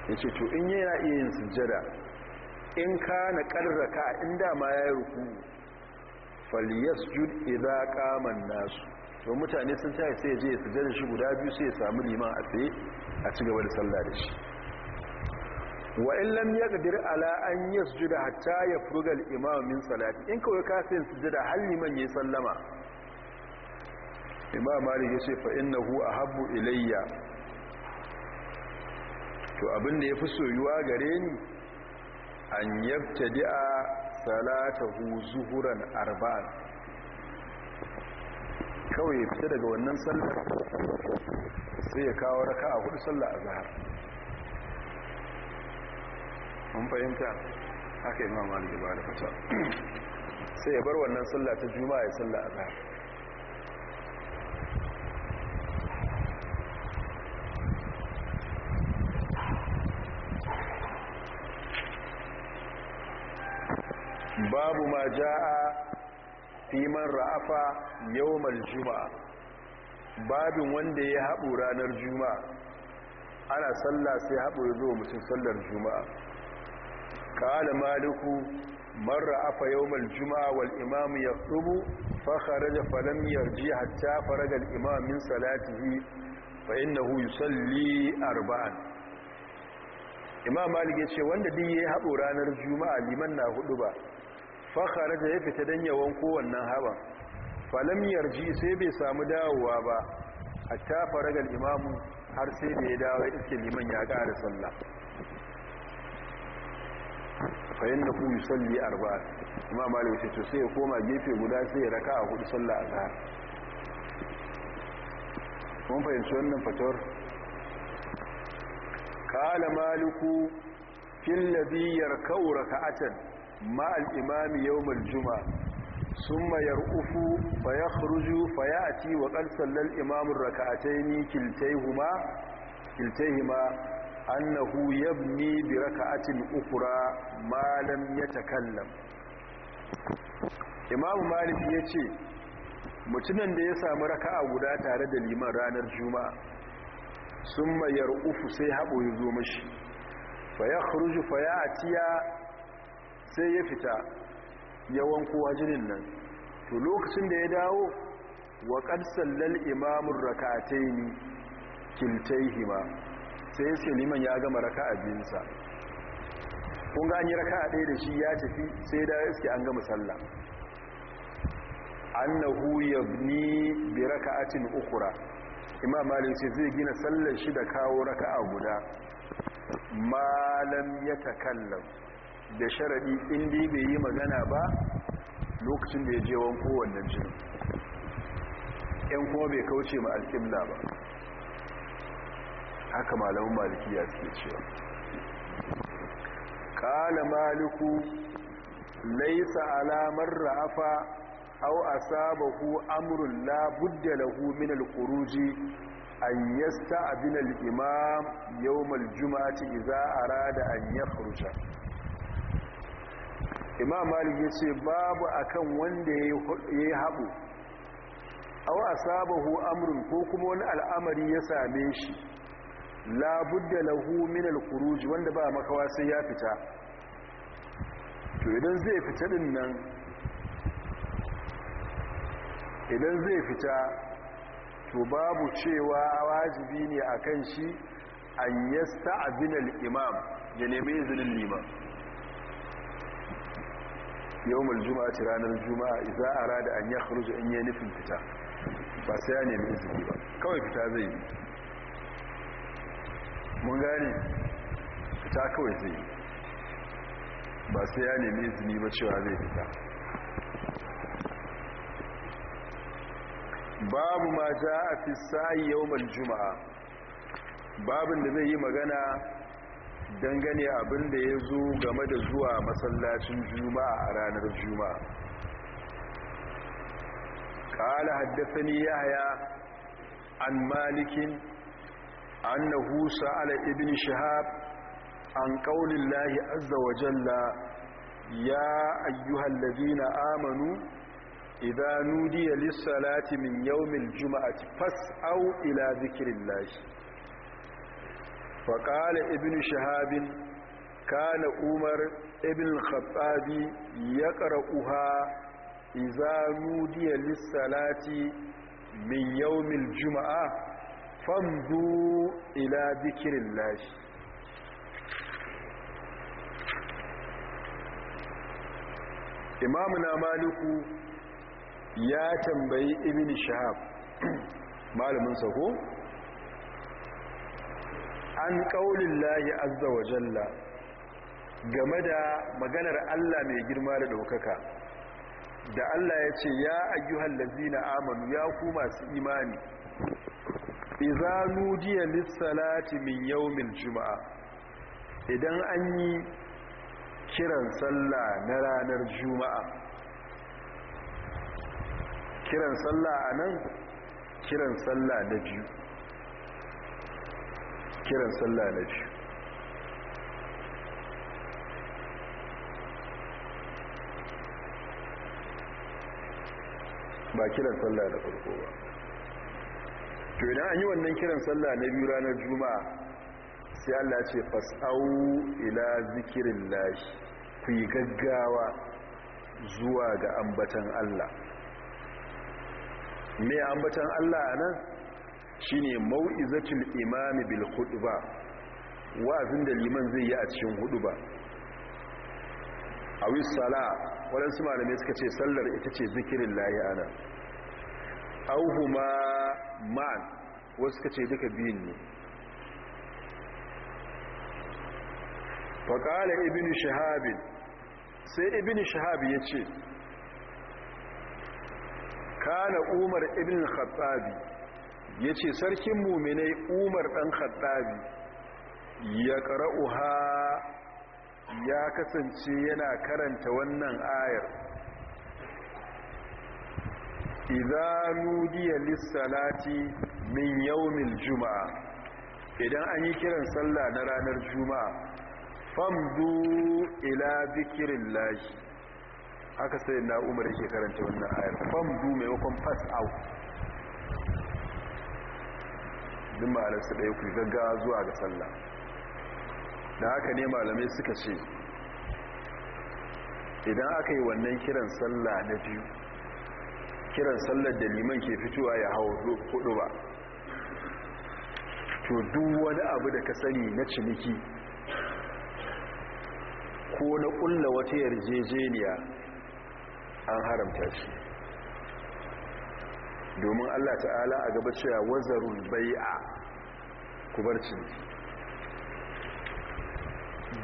ya ce to in yana iya yin sujada in ka na karraka in dama ya yi ruku falyasjud idza qama nasu to mutane sun tashi sai je sujada shi guda biyu sai ya samu liman a tsaye a cigaba da sallah da shi wa in lam yaqdir ala an yasjuda hatta yafruga al-imam min salati in kawai ka sai sujada har liman yayi sallama imam malik yace fa innahu ahabbu ilayya to abin da yafi soyuwa gare ni an yabtadi'a salatahu zuhuran arba'an kawai fita daga wannan sallar sai ya kawo raka'a hudu sallar azhar mun fahimta haka imam malik ba da fata sai ya bar wannan sallah ta juma'a ya sallah a ta. babu ma ja'a fi man ra'afa yawmal juma'a babin wanda ya haɓu ranar juma'a ana sallah sai haɓu ya zo mutum sallar juma'a قال مالك مر عف يوم الجمعة والإمام يخطب فخرج فلم يرجع حتى فرج الإمام من صلاته فإنه يصلي أربعا imam malik ya ce wanda din yayi haɗo ranar juma'a liman na hudu ba fakhara da ya fita dan yawan kowannan haban falam yarji sai bai samu dawowa ba hatta faragal imamu har sai da ya dawo yake liman ya ƙara sallah fa yannahu yusalli arba imam malik lai to sai ya koma gefe guda sai ya raka a salla sallah zahar mun fahimci wannan fatawar Kala maliku fil ladhi yarkau raka'atan ma al imami yawm ufu, jumu'ah ثم faya, فيخرج فيأتي wa صلى الإمام raka'atai كلتيهما كلتيهما annahu yabni bi raka'atin ukura malam ya yatakallam imam malik yace ce mutumin da ya samu raka'a guda tare da liman ranar juma'a sun mayar ufu sai habo ya zo mashi faya kuruji sai ya fita yawan kowa jinin nan to lokacin da ya dawo wa qad imamun raka'atai ne kiltaihima sai ya liman ya gama raka a biyunsa kun ga an yi raka a ɗaya da shi ya tafi sai da iske an gama sallah annahu ni bi cin ukura imam malik zai gina sallar shi da kawo raka'a guda malam ya takalla. da sharaɗi inda bai yi magana ba lokacin da ya je wanko wannan jini ƴan kuma bai kauce ma alƙibla ba haka malamin maliki ya suke cewa kala maliku laisa alamar ra'afa aw asabahu amrun la budda lahu min al-khuruji an yasta'dina al-imam yawm al-jum'ati idza arada an yakhruja imam malik yace babu akan wanda yayi habu aw asabahu amrun ko kuma wani al'amari ya same shi labudda lahu min al wanda ba makawa sai ya fita to idan zai fita din nan idan zai fita to babu cewa wajibi ne akan shi an yasta'zina al-imam ya nemi izinin liman yawmul jumu'ati ranar juma'a idza arada an yakhruj an yi nufin fita ba sai ya nemi izini ba kawai fita zai yi mun gane ta kawai zai ba sai ya nemi izini ba cewa zai fita babu ma ja a fi yau mai juma'a babin da zai yi magana dangane abin da ya zo game da zuwa masallacin juma'a a ranar juma'a ƙala haddasa ni haya an malikin annahu sa'ala ibn shahab an qaulillahi azza wa jalla ya ayyuhalladhina amanu idza nudiya lis-salati min yawmil jum'ati fas'au ila dhikrillahi faqala ibn shahab kana umar ibn al-khattab yaqra'uha idza nudiya lis-salati min yawmil jum'ah famdu ila zikirin lashi imamuna maliku ya tambayi ibn shahab malamin sako an kaulin lahi azza wa jalla game da maganar allah mai girma da daukaka da allah ya ce ya ayyuhallazi na amanu ya ku masu imani iza nudiya lissalati min min juma'a idan an yi kiran sallah na ranar juma'a kiran sallah a nan kiran sallah na biyu kiran sallah na biyu ba kiran sallah na farko ba to idan an yi wannan kiran sallah na biyu ranar juma'a sai Allah ce fas'au ila zikirin ku yi gaggawa zuwa ga ambatan Allah me ambatan Allah nan shine mau'izatul imam bil khutba wa'azin da liman zai yi a cikin huduba awi sala su malamai suka ce sallar ita ce zikirin lahi anan auhuma ma'an wasu ka ce duka biyun ne faƙalar ibn shahabi sai ibn shahabi ya ce kana umar ibn khattabi ya ce sarkin muminai umar ɗan khattabi ya ƙara'uha ya kasance yana karanta wannan ayar idza nudiya lis-salati min yawmil juma'a idan an yi kiran sallah na ranar juma'a famdu ila zikrillah haka sai na umar yake karanta wannan ayar famdu maimakon pass out duk malarsa ɗaya ku gaggawa zuwa ga sallah da haka ne malamai suka ce idan aka yi wannan kiran sallah na biyu kiran sallar da liman ke fitowa ya hau hudu ba to duk wani abu da ka sani na ciniki ko na kulla wata yarjejeniya an haramta shi domin allah ta'ala a gaba cewa wazarun a kubar ciniki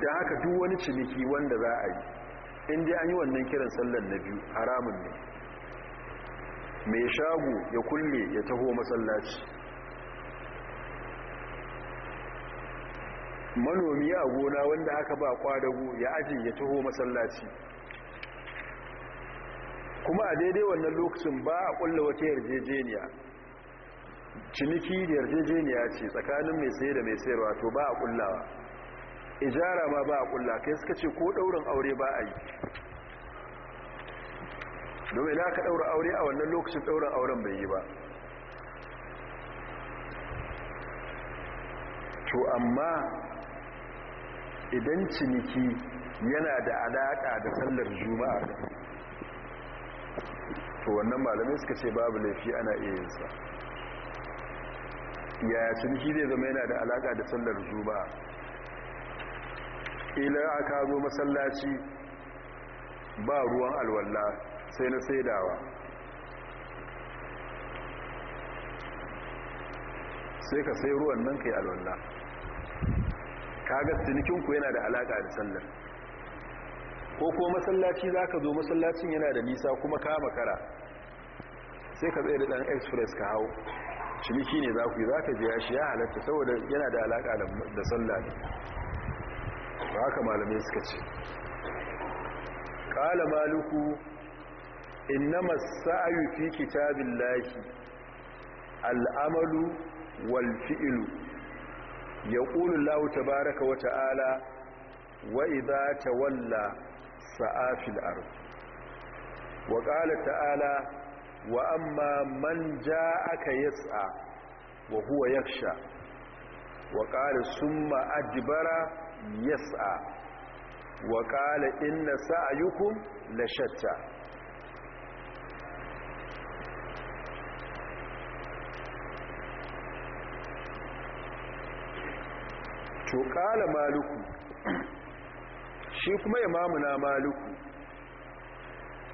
da haka duk wani ciniki wanda za a yi inda an yi wannan kiran sallar na biyu haramun ne mai shago ya kulle ya taho masallaci manomi a gona wanda aka ba kwadago ya aji ya taho masallaci kuma a daidai wannan lokacin ba a kulle wata yarjejeniya ciniki da yarjejeniya ce tsakanin mai sayar da mai sayarwa to ba a kullawa ijara ma ba a kulla kai suka ce ko ɗaurin aure ba a yi domin na aka daura aure a wannan lokacin daura auren bai yi ba to amma idan ciniki yana da alaƙa da sallar juma'a to wannan malamai suka ce babu laifi ana iya sa yaya ciniki zai zama yana da alaƙa da sallar juma'a ila aka zo masallaci ba ruwan alwallah sai na saidawa sai ka sai ruwan nan kai alwallah kaga sinikinku yana da alaka da sallar ko ko masallaci za ka zo masallacin yana da nisa kuma kama kara. sai ka tsaye da ɗan express ka hau ciniki ne za ku yi za ka biya shi ya halatta saboda yana da alaka da sallar ba haka malamai suka ce ƙala maluku innama sa'ayu fi kitabillahi al'amalu wal fi'lu yaqulu Allahu tabaaraka wa ta'ala wa idha tawalla sa'a fil wa qala ta'ala wa amma man ja'aka yas'a wa huwa yakhsha wa qala summa adbara yas'a wa qala inna sa'ayukum la shatta to kala maluku shi kuma imamuna maluku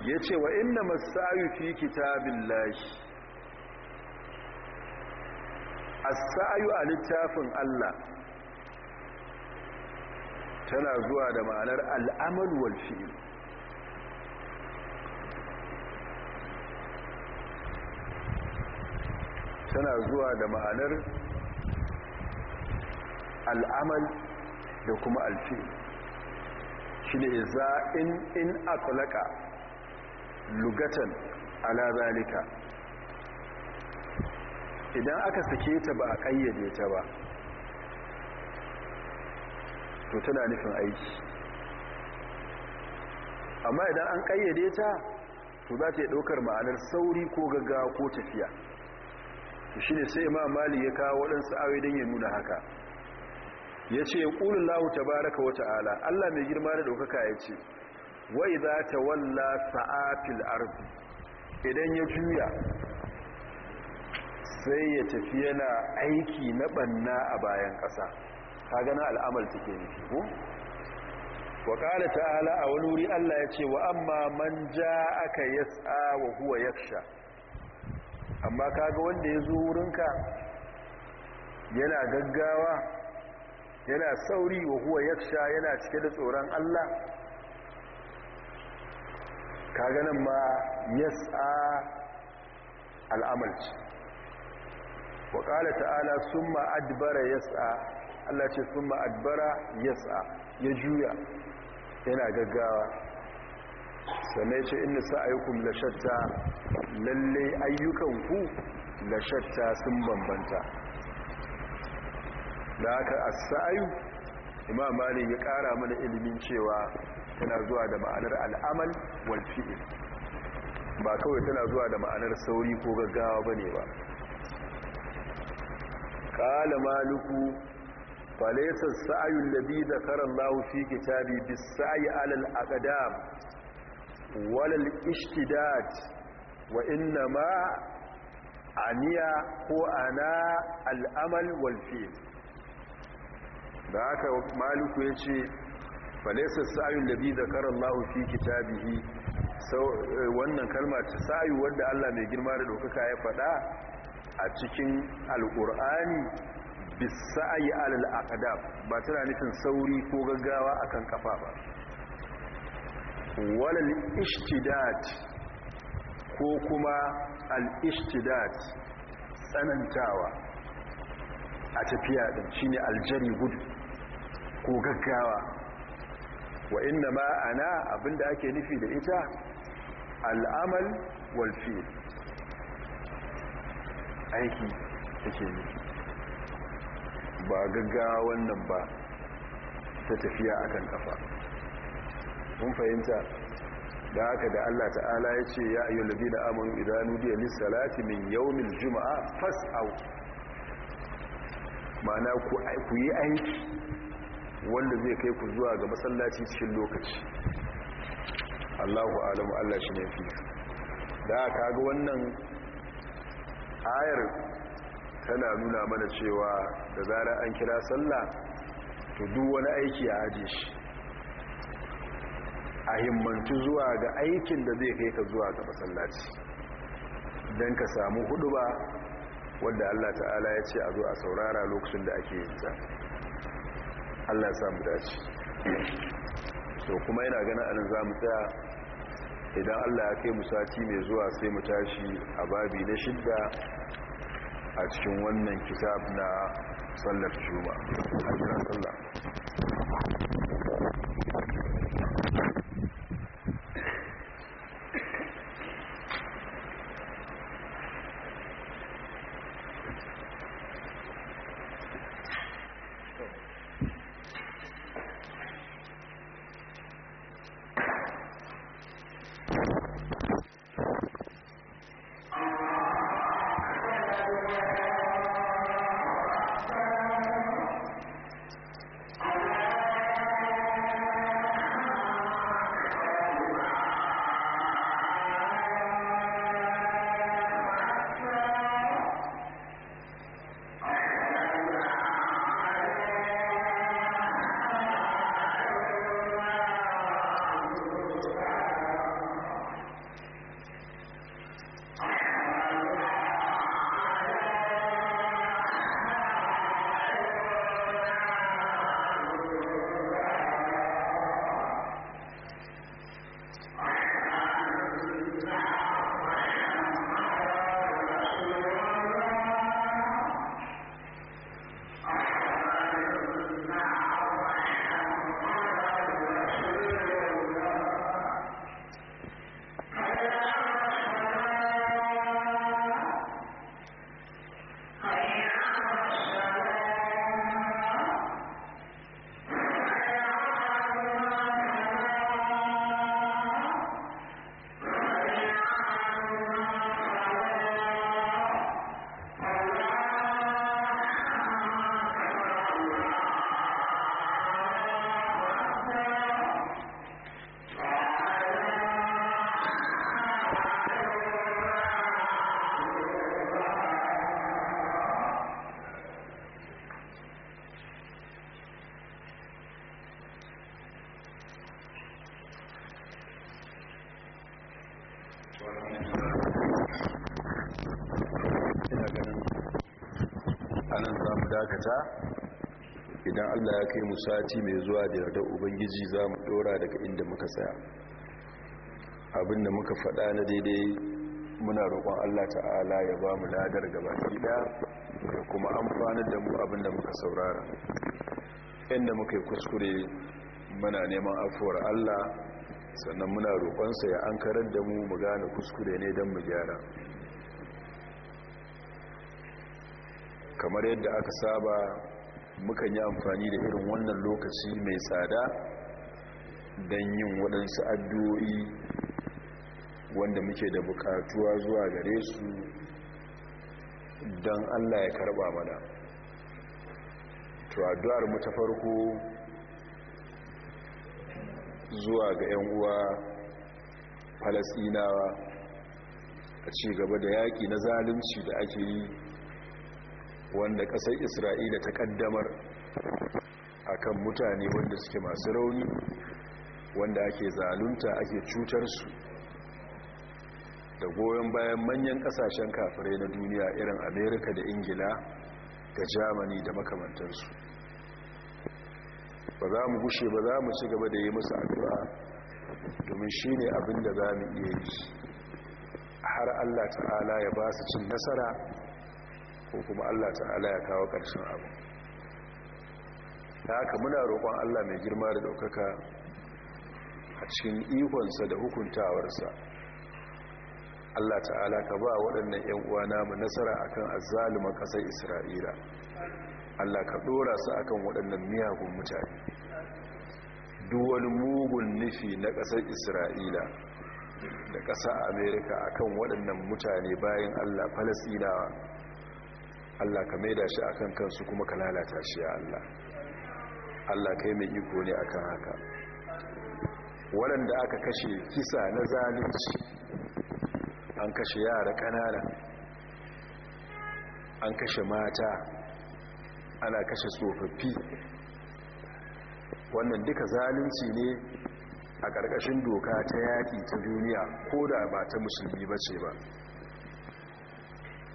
ya ce wa inna masayu fi kitabin lashi asayu a littafin Allah tana zuwa da ma'anar al'amal wal tana zuwa da ma'anar al'amal da kuma alfi shi ne za in in atlaka lugatan ala idan aka sake ta ba a ƙayyade ta ba to tana nufin aiki amma idan an ƙayyade ta to za ta yi ɗaukar ma'anar sauri ko gaggawa ko tafiya shi ne sai imam mali ya kawo waɗansu awai don ya nuna haka ya ce ƙulun lahu ta baraka wa ta'ala allah mai girma da ɗaukaka ya ce wai za ta walla sa'afil arzi idan ya juya sai ya tafi yana aiki na ɓanna a bayan ƙasa ka gana al'amal take nufi ko wa ƙala ta'ala a wani wuri allah ya ce wa amma man ja aka yasa wa huwa sha amma kaga wanda ya zo wurinka yana gaggawa yana sauri wa huwa sha yana cike da tsoron Allah kaga nan ma yas'a al'amal ce wa qala ta'ala summa yas'a Allah ce summa adbara yas'a ya juya yana gaggawa sannan ce inna sa la lashatta lalle ayyukanku lashatta sun bambanta da haka a sa'ayu imam malam ya kara mana ilimin cewa tana zuwa da ma'anar al'amal wal ba kawai tana zuwa da ma'anar sauri ko gaggawa bane ba qala maliku falaysa as-sa'yu alladhi dhakara Allah fi kitabi bis-sa'yi 'ala al-aqdam wala al-ishtidat wa innama aniya ko ana al'amal wal da aka maliku ya ce falesa sa'ayun da bi zakar Allah fi kitabihi eh, wannan kalma ta sa'ayu wanda Allah mai girma da dokaka ya faɗa a cikin alƙur'ani bis sa'ayi alal aqdam ba tana nufin sauri ko gaggawa akan kafa ba walal ishtidat ko kuma al ishtidat tsanantawa a tafiya din shine aljari gudu ko gaggawa wa inna ma ana abinda ake nufi da ita al'amal walfi aiki take nufi ba gaggawa wannan ba ta tafiya akan kafa mun fahimta da haka da Allah ta'ala ya ce ya ayyul ladina amanu idanu nudiya lis-salati min yawmil jumu'a fas'au ma'ana ku yi aiki wanda zai kai ku zuwa ga masallaci cikin lokaci Allahu alamu Allah shi ne fi da aka ga wannan ayar tana nuna mana cewa da zara an kira sallah to duk wani aiki a aje shi a himmantu zuwa ga aikin da zai kai ka zuwa ga masallaci don ka samu hudu ba wadda Allah ta'ala ya ce a zo a saurara lokacin da ake yin ta allah ya samu dace to kuma yana ganin anan za mu tsaya idan allah ya kai mu sati mai zuwa sai mu tashi a babi na shidda a cikin wannan kitab na sallar juma a kiran sallah dakata idan allah ya kai mu sati mai zuwa da yarda ubangiji za mu dora daga inda muka tsaya abinda muka faɗa na daidai muna roƙon allah ta'ala ya ba mu ladar gaba ɗaya da kuma amfanar da mu abinda muka saurara inda muka yi kuskure muna neman afuwar allah sannan muna roƙonsa ya ankarar da mu mu gane kuskure ne don mu gyara kamar yadda aka saba muka yi amfani da irin wannan lokaci mai tsada don yin waɗansu addu'o'i wanda muke da bukatuwa zuwa gare su don allah ya karɓa mana to addu'ar mu ta farko zuwa ga 'yan uwa falasinawa a ci gaba da yaƙi na zalunci da ake yi wanda ƙasar isra'ila ta ƙaddamar kan mutane wanda suke masu rauni wanda ake zalunta ake su, da goyon bayan manyan ƙasashen kafirai na duniya irin amerika da ingila da Jamani da makamantarsu ba za mu gushe ba za mu ci gaba da yi musu addu'a domin shi ne abin da za mu iya yi har allah ta'ala ya ba su cin nasara ko kuma Allah ta'ala ya kawo ƙarshen abu ta haka muna roƙon Allah mai girma da ɗaukaka a cikin ikonsa da hukuntawarsa Allah ta'ala ka ba waɗannan 'yan uwa mu nasara akan azalima ƙasar Isra'ila Allah ka ɗora su akan waɗannan miyagun mutane duk mugun nufi na ƙasar Isra'ila da ƙasa amerika akan waɗannan mutane bayan allah falasinawa Allah ka maida shi a kan kansu kuma ka lalata shi ya Allah Allah kai mai iko ne kan haka waɗanda aka kashe kisa na zalunci an kashe yara ƙanana an kashe mata ana kashe tsofaffi wannan duka zalunci ne a ƙarƙashin doka ta yaƙi ta duniya ko da ba ta musulmi ba ce ba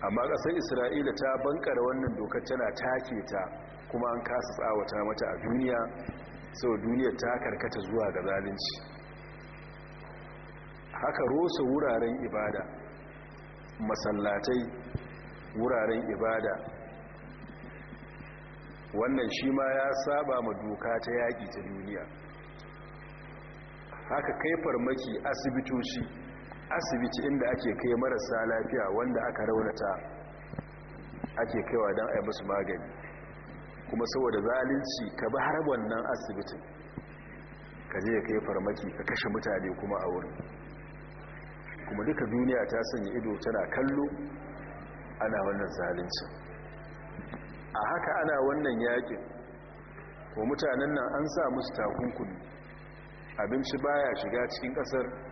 amma ƙasar isra'ila ta bankara wannan dokar tana take ta kuma an kasa tsawata mata a duniya sau duniya ta karkata zuwa ga zalunci haka rosa wuraren ibada masallatai wuraren ibada wannan shi ma ya saba ma doka ta yaƙi ta duniya haka kai farmaki asibitoci asibiti inda ake kai marasa lafiya wanda aka raunata ake kaiwa don a yi musu magani kuma saboda zalunci ka bi har wannan asibitin ka je ka yi farmaki ka kashe mutane kuma a wurin kuma duka duniya ta sanya ido tana kallo ana wannan zalunci a haka ana wannan yakin ko mutanen nan an sa musu takunkumi abinci baya shiga cikin kasar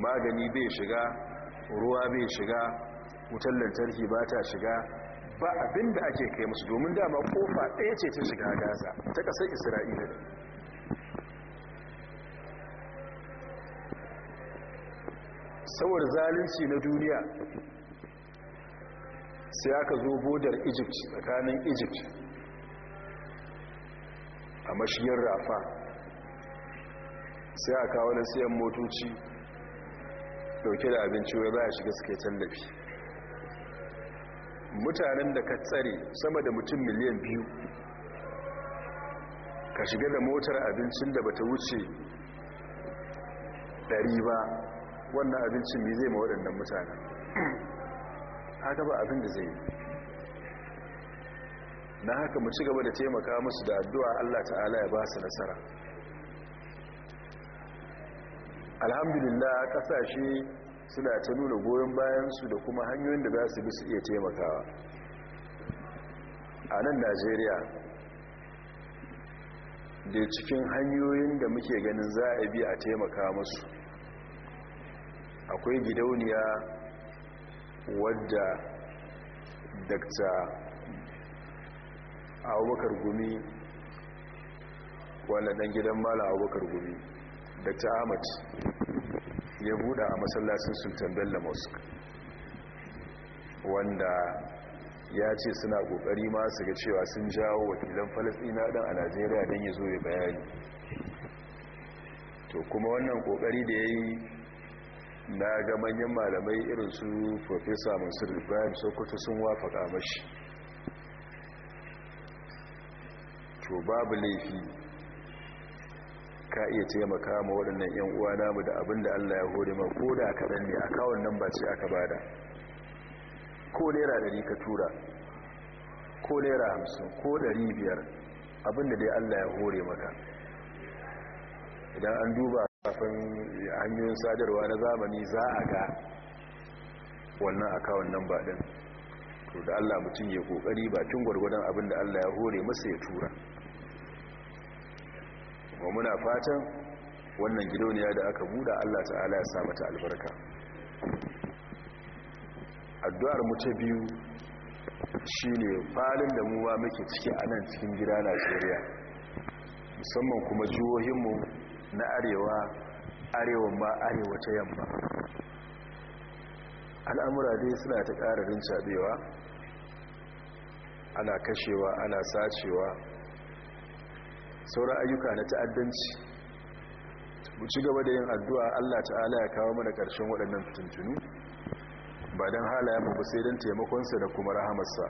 magani bai shiga ruwa bai shiga wutar lantarki ba ta shiga ba abin da ake kai musu domin dama kofa ɗaya ce ta shiga gaza ta ƙasar isra'ila saboda zalunci na duniya sai aka zo bodar egypt tsakanin egypt a mashiyar rafa sai aka kawo na siyan motoci dauke da abinci wai za shiga suke tallafi mutanen da ka tsare sama da mutum miliyan biyu ka shiga da motar abincin da bata wuce dari ba wannan abincin bi zai ma waɗannan mutane haka ba abin da zai na haka mu ci gaba da taimaka musu da addu'a Allah ta'ala ya ba su nasara alhamdulillah kasashe suna ta nuna goyon bayansu da kuma hanyoyin da za su bi su iya taimakawa a nan najeriya da cikin hanyoyin da muke ganin za a bi a taimaka musu akwai gidauniya wadda dakta abubakar gumi wanda dan gidan mala abubakar gumi dakta ahmad ya buɗa a masallacin sultan bello mosque wanda ya ce suna ƙoƙari masu ga cewa sun jawo wakilan falasina ɗan a najeriya don ya zo ya bayani to kuma wannan ƙoƙari da ya yi na ga manyan malamai irin su profesa mansur ibrahim sokoto sun wafaƙa mashi to babu laifi ka iya taimaka ma waɗannan 'yan uwa namu da abin da allah ya hore ma ko da kaɗan ne a kawon nan ba ce aka bada ko naira ɗari ka tura ko naira hamsin ko ɗari biyar abin da dai allah ya hore maka idan an duba kafin hanyoyin sadarwa na zamani za a ga wannan a kawon nan ba ɗin to da allah mutum ya ƙoƙari bakin gwargwadon abin da allah ya hore masa ya tura wa muna fatan wannan gidauniya da aka buda Allah ta'ala ya sa mata albarka addu'ar mu ta biyu shine falin da muwa muke ciki a nan cikin gida Najeriya musamman kuma jihohinmu na arewa arewa ba arewa ta yamma al'amura dai suna ta ƙara cabewa ana kashewa ana sacewa sauran ayyuka na ta'addanci mu ci gaba da yin addu'a Allah ta'ala ya kawo mana ƙarshen waɗannan tuntunu ba don halayen mu sai don taimakonsa da kuma rahamarsa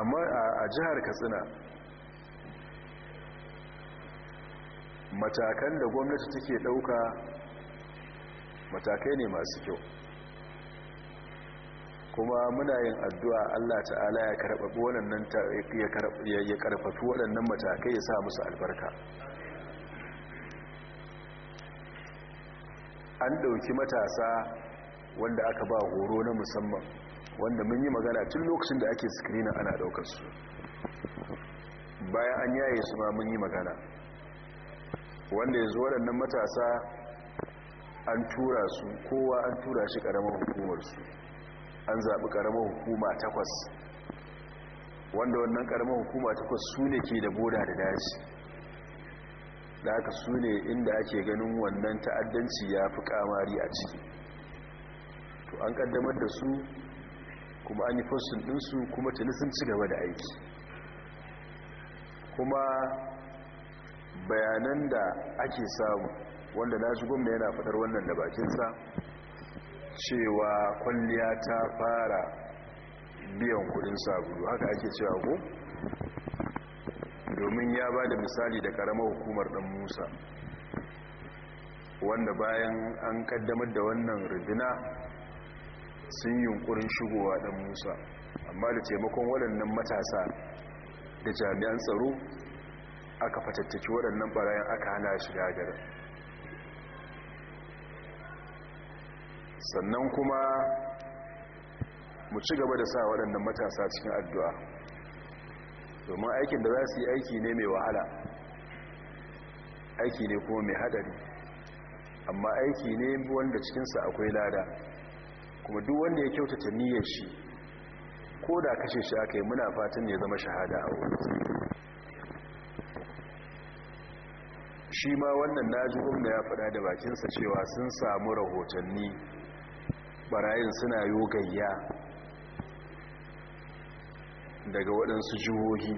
amma a jihar katsina matakan da gwamnati take ɗauka matakai ne masu kyau kuma muna yin addu'a Allah ta'ala ya karɓaɓi waɗannan ya karɓafi waɗannan matakai ya sa musu albarka an ɗauki matasa wanda aka ba horo na musamman wanda mun yi magana tun lokacin da ake screening ana ɗaukarsu bayan an yaye su ma mun yi magana wanda yanzu waɗannan matasa an tura su kowa an tura shi ƙaramin hukumarsu an zaɓi ƙaramin hukuma takwas wanda wannan ƙaramin hukuma takwas su ne ke da boda da daji da haka su ne inda ake ganin wannan ta'addanci ya fi kamari a ciki to an ƙaddamar da su kuma an yi fosin ɗinsu kuma tuni ci gaba da aiki kuma bayanan da ake samu wanda na shi gwamna yana faɗar wannan da bakinsa cewa kwalliya ta fara biyan kudin sabulu haka ake cewa ko domin ya ba da misali da karamar hukumar dan musa wanda bayan an kaddamar da wannan rubina sun yunkurin shigowa dan musa amma da taimakon waɗannan matasa da jami'an tsaro aka fatattaki waɗannan barayan aka hana shiga garin sannan kuma mu ci gaba da sa waɗannan matasa cikin addu'a domin aikin da za su yi aiki ne mai wahala aiki ne kuma mai haɗari amma aiki ne wanda cikinsa akwai lada kuma duk wanda ya kyautata niyyar shi ko da kashe shi aka yi muna fatan ya zama shahada a wurin shi ma wannan naji gwamna ya faɗa da bakinsa cewa sun samu rahotanni barayin suna gayya daga waɗansu jihohi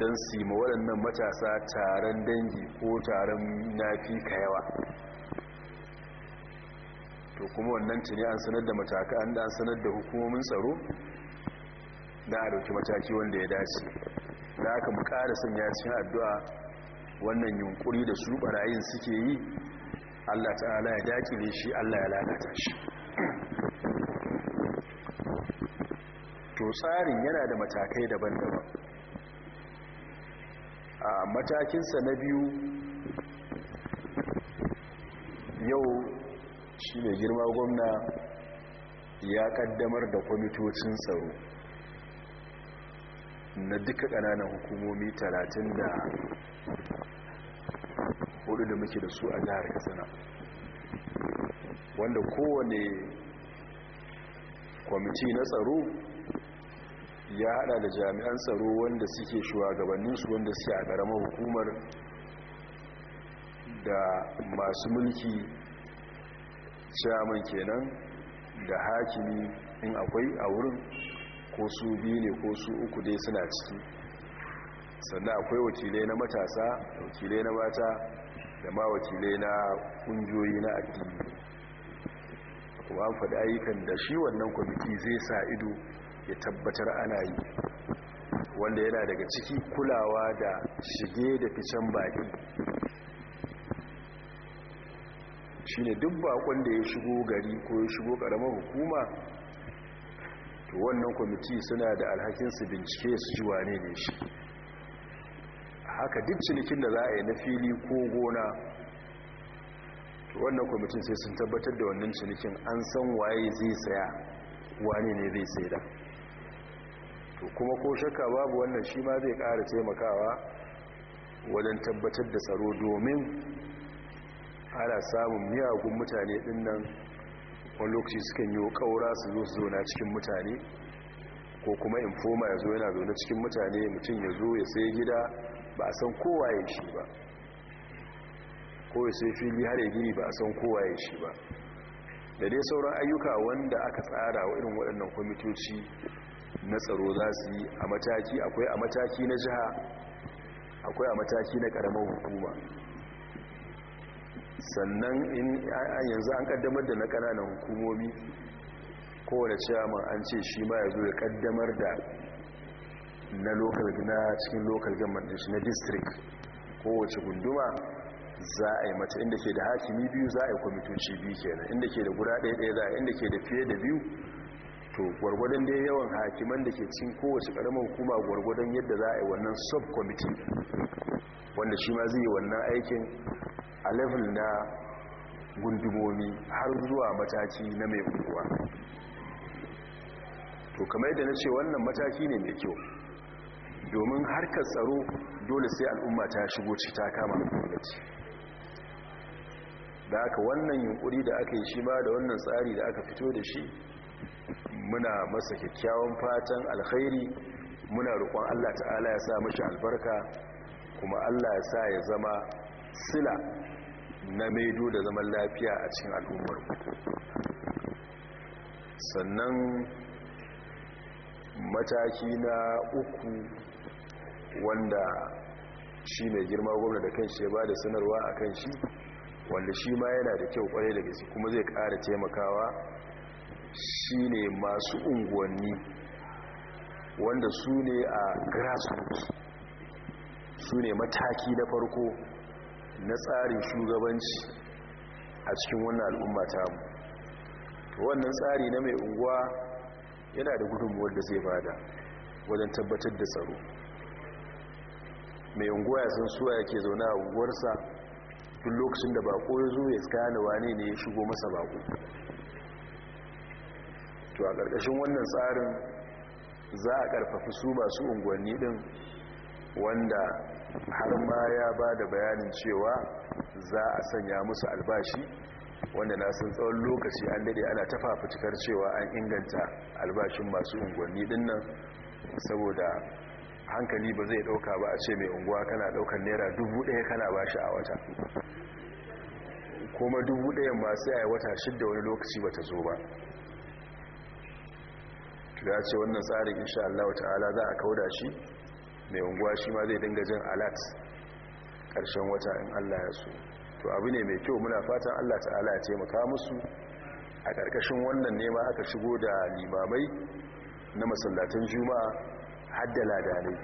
don su yi waɗannan matasa taron dangi ko taron nafi yawa. to kuma wannan tuni an sanar da mataka an da an sanar da hukumomin tsaro da a dauki mataki wanda ya dace da aka mu ƙara sanya cikin addu'a wannan yunkuri da su barayin suke yi Allah ta'ala ya dakile shi Allah ya lalata shi to tsarin yana da matakai daban-daban a matakinsa na biyu yau shi mai girma gwamna ya kaddamar da kwamitocin tsaro na duka ƙananan hukumomi talatin da. hudu da muke da su a jihar katsina wanda kowane kwamiti na tsaro ya hada da jami'an tsaro wanda suke shugabanninsu wanda suke a ƙaramar hukumar da masu mulki shaman kenan da hakimi in akwai a wurin ko su biyu ne ko su uku dai suna ciki sannan akwai wakilai na matasa wakilai na mata da ma wakilai na kungiyoyi na addini kuma an faɗi ayyukan da shi wannan kwamiti zai sa ido ya tabbatar ana yi wanda yana daga ciki kulawa da shige da ficen baki shi ne duk baƙon da ya shigo gari ko ya shigo ƙaramar hukuma to wannan kwamiti suna da alhakin su bincike su ji wane ne shi haka duk cinikin da za a yi na fili ko gona wannan kwamitin sai sun tabbatar da wannan cinikin an san waye zai saya wani ne zai sai da to kuma ko shakka babu wannan shi ma zai kara taimakawa wajen tabbatar da tsaro domin ana samun miyagun mutane dinnan wani lokaci suka yi kaura su zo su zauna cikin mutane ko kuma infoma ya zo yana zaune cikin mutane mutum ya zo ya sai gida ba a san kowaye shi ba kowai sai fili har gini ba a san kowaye shi ba da dai sauran ayyuka wanda aka tsara wa irin waɗannan kwamitoci na tsaro za su yi a mataki akwai a mataki na jiha akwai a mataki na ƙaramin hukuma sannan in yanzu an ƙaddamar da na ƙananan hukumomi kowane ciyaman an ce shi ma ya zo ya kaddamar da na local na cikin local government shi na district kowace gunduma za a yi mace inda ke da hakimi biyu za a yi kwamitoci biyu kenan inda ke da guda ɗaya ɗaya za a inda ke da fiye da biyu to gwargwadon da yawan hakiman da ke cikin kowace ƙaramin hukuma gwargwadon yadda za a yi wannan subcommittee wanda shi ma zai yi wannan aikin a level na gundumomi har zuwa mataki na mai unguwa to kamar yadda na ce wannan mataki ne mai kyau domin harkar tsaro dole sai al'umma ta shigo ci ta kama gwamnati da aka wannan yunkuri da aka yi shi ma da wannan tsari da aka fito da shi muna masa kyakkyawan fatan alkhairi muna roƙon Allah ta'ala ya sa mashi albarka kuma Allah ya sa ya zama sila na maido da zaman lafiya a cikin al'ummar sannan mataki na uku wanda shi mai girma gwamna da kanshi ya ba da sanarwa a kan shi wanda shi ma yana da kyau kwarai da gaske kuma zai kara taimakawa shi ne masu unguwanni wanda su ne a grassroots su ne mataki na farko na tsarin shugabanci a cikin wannan al'umma mu wannan tsari na mai unguwa yana da gudunmuwar da zai bada wajen tabbatar da tsaro mai unguwa sun suwa yake zaune a unguwarsa tun lokacin da bako ya zo ya tsakani wane ne ya shigo masa bako to a ƙarƙashin wannan tsarin za a ƙarfafi su masu unguwanni ɗin wanda har ma ya ba da bayanin cewa za a sanya musu albashi wanda na san tsawon lokaci an dade ana ta cikar cewa an inganta albashin masu unguwanni ɗin nan saboda hankali ba zai dauka ba a ce mai unguwa kana daukan naira dubu daya kana ba shi a wata kuma dubu daya ba sai a yi wata shidda wani lokaci ba ta zo ba ya ce wannan tsarin insha Allah ta'ala za a kauda shi mai unguwa shi ma zai dinga jin alat karshen wata in Allah ya so to abu ne mai kyau muna fatan Allah ta'ala ya taimaka musu a karkashin wannan nema aka shigo da limamai na masallatan juma'a da ne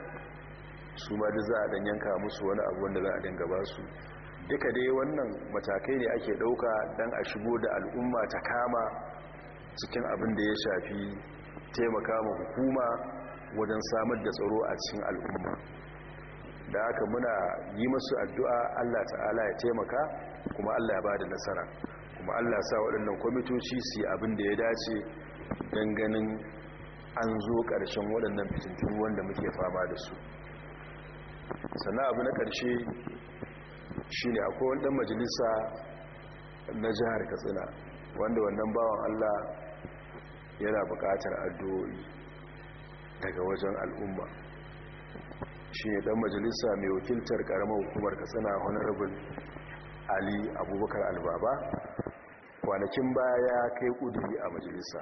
su ma da za a dan yanka musu wani abu wanda za a dinga ba su duka dai wannan matakai ne ake dauka dan a shigo da al'umma ta kama cikin abin da ya shafi taimaka ma hukuma wajen samar da tsaro a cikin al'umma da aka muna yi musu addu'a Allah ta'ala ya taimaka kuma Allah ya ba da nasara kuma Allah sa waɗannan kwamitoci su yi abin da ya dace dan ganin an zo ƙarshen waɗannan fitintun wanda muke fama da su sana abu na ƙarshe shi ne akwai wani ɗan majalisa na jihar katsina wanda wannan bawan allah yana buƙatar addu'o'i daga wajen al'umma shi ne ɗan majalisa mai wakiltar ƙaramar hukumar katsina honorable ali abubakar albaba kwanakin baya ya kai ƙuduri a majalisa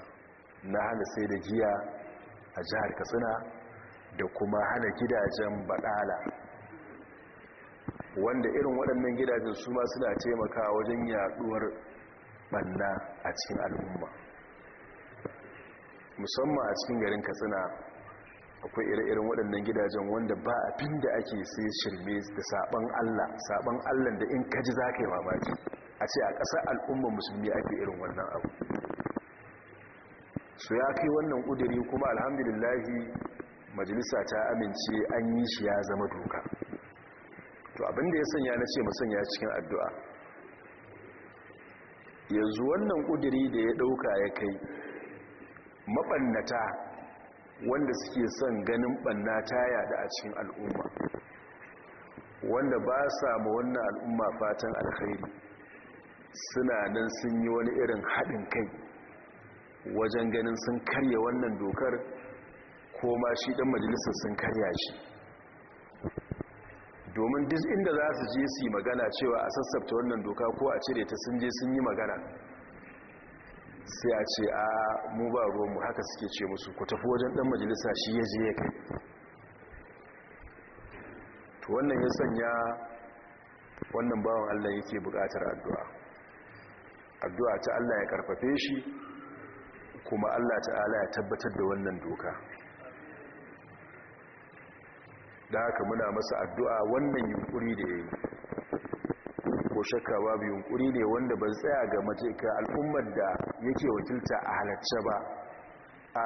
na hana sai da jiya. a jihar katsina da kuma hana gidajen baɗala wanda irin waɗannan gidajen su ma suna taimaka wajen yaɗuwar ɓanna a cikin al'umma musamman a cikin garin katsina akwai ire-iren waɗannan gidajen wanda ba abin da ake sai shirme da saɓon allah saɓon allah da in kaji za ka yi mamaki a ce a ƙasar al'umma musulmi ake irin wannan abu su ya kai wannan ƙudiri kuma alhamdulillahi majalisa ta amince an yi shi ya zama doka to abinda ya sanya na ce masanya cikin addu'a yanzu wannan ƙudiri da ya ɗauka ya kai maɓannata wanda suke son ganin ɓanna ta yada a cikin al'umma wanda ba sa ma wannan al'umma fatan alkhairi suna nan sun yi wani irin haɗin kai wajen ganin sun karya wannan dokar ko ma shi ɗan majalisa sun karya shi domin duk inda za su je su yi magana cewa a sassafta wannan doka ko a cire ta sun je sun yi magana sai a ce a mu ba ruwanmu haka suke ce musu ku tafi wajen dan majalisa shi ya je ya kai to wannan ya sanya wannan bawan allah yake buƙatar addu'a addu'a ta allah ya karfafe shi kuma Allah ta'ala ya tabbatar da wannan doka da haka muna masa addu'a wannan yunkuri da ya yi ko shakka babu yunkuri ne wanda ban tsaya ga mace ka al'ummar da yake wakilta a halacce ba a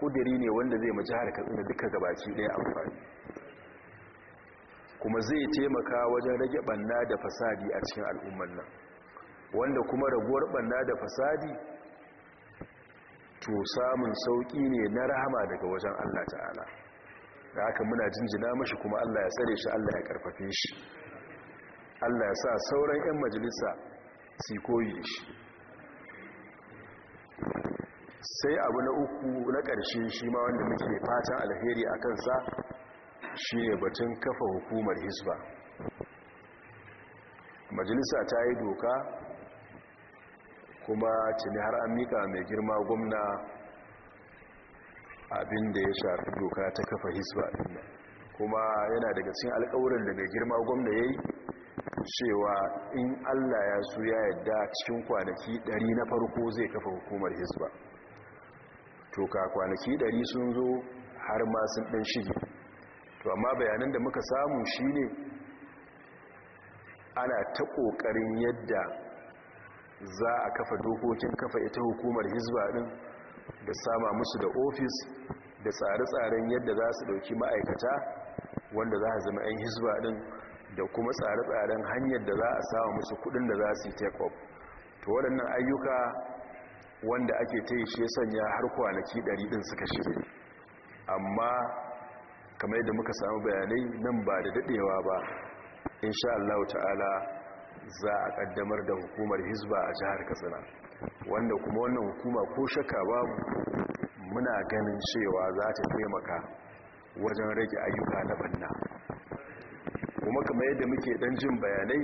kudiri ne wanda zai mace harkar da duka gabaci ɗaya amfani kuma zai taimaka wajen rage banna da fasadi a cikin al'ummar nan wanda kuma raguwar banna da fasadi to samun sauƙi ne na rahama daga wajen Allah ta'ala da haka muna jinjina mashi kuma Allah ya tsare shi Allah ya karfafe shi Allah ya sa sauran 'yan majalisa su koyi da shi sai abu na uku na ƙarshe shi ma wanda muke fatan alheri a kansa shi ne batun kafa hukumar hisba majalisa ta yi doka kuma cini har an mika mai girma gwamna abin da ya shafi doka ta kafa hisba kuma yana daga cikin alkawarin da mai girma gwamna ya yi cewa in allah ya su ya yadda cikin kwanaki 100 na farko zai kafa hukumar hisba to kwanaki 100 sun zo har ma sun ɗan shige to amma bayanan da muka samu shine ana ta ƙoƙarin yadda za a kafa dokokin kafa ita hukumar hizba din da sama musu da ofis da tsare-tsaren yadda za su dauki ma'aikata wanda za a zama 'yan hizba din da kuma tsare-tsaren hanyar da za a sama musu kudin da za su yi take up to waɗannan ayyuka wanda ake ta yi shi sanya har kwanaki 100 ɗin suka shirya amma kamar da muka samu bayanai nan ba da daɗewa ba insha Allah ta'ala za a kaddamar da hukumar hizba a jihar katsina wanda kuma wannan hukuma ko shaka babu muna ganin cewa za ta taimaka wajen rage ayyuka na banna kuma kamar yadda muke dan jin bayanai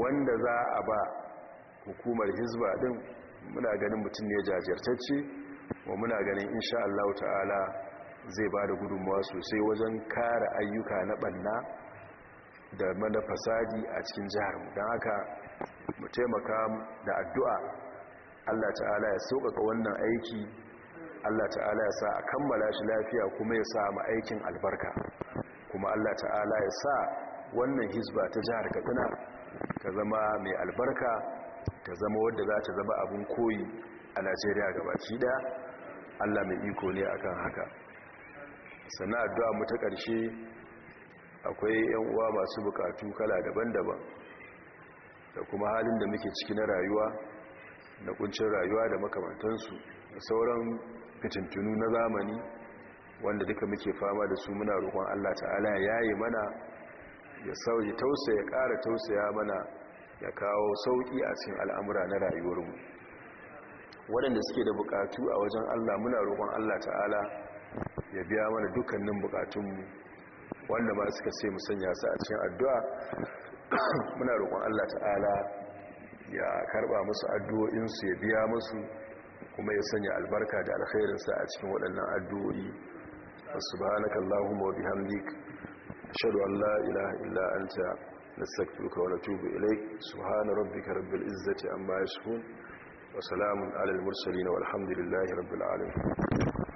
wanda za a ba hukumar hizba din muna ganin mutum ne jajirtacce wa muna ganin insha Allah ta'ala zai ba da gudunmawa sosai wajen kare ayyuka na banna da mana fasadi a cikin jihar mu don haka mu taimaka da addu'a Allah ta'ala ya sauƙaƙa wannan aiki Allah ta'ala ya sa a kammala shi lafiya kuma ya sa mu aikin albarka kuma Allah ta'ala ya sa wannan hizba ta jihar Katsina ta zama mai albarka ta zama wadda za ta zama abin koyi a Najeriya gabaki Da Allah mai iko ne akan haka sannan addu'a mu ta ƙarshe akwai yan uwa masu bukatu kala daban-daban da kuma halin da muke ciki na rayuwa da kuncin rayuwa da makamantansu da sauran fitintunu na zamani wanda duka muke fama da su muna roƙon Allah ta'ala ya yi mana ya sauyi tausaya ya ƙara tausaya mana ya kawo sauƙi a cikin al'amura na rayuwarmu waɗanda suke da bukatu a wajen Allah muna roƙon Allah ta'ala ya biya mana dukkanin bukatunmu wanda ma suka mu musanya su a cikin addu'a muna roƙon Allah ta'ala ya karɓa musu addu'o'insu ya biya musu kuma ya sanya albarka da alkhairinsa a cikin waɗannan addu'o'i subhanaka allahumma wa bihamdik ashhadu an la ilaha illa anta nastaghfiruka wa natubu ilayk subhana rabbika rabbil izzati amma yasifun wa salamun alal mursalin walhamdulillahi rabbil alamin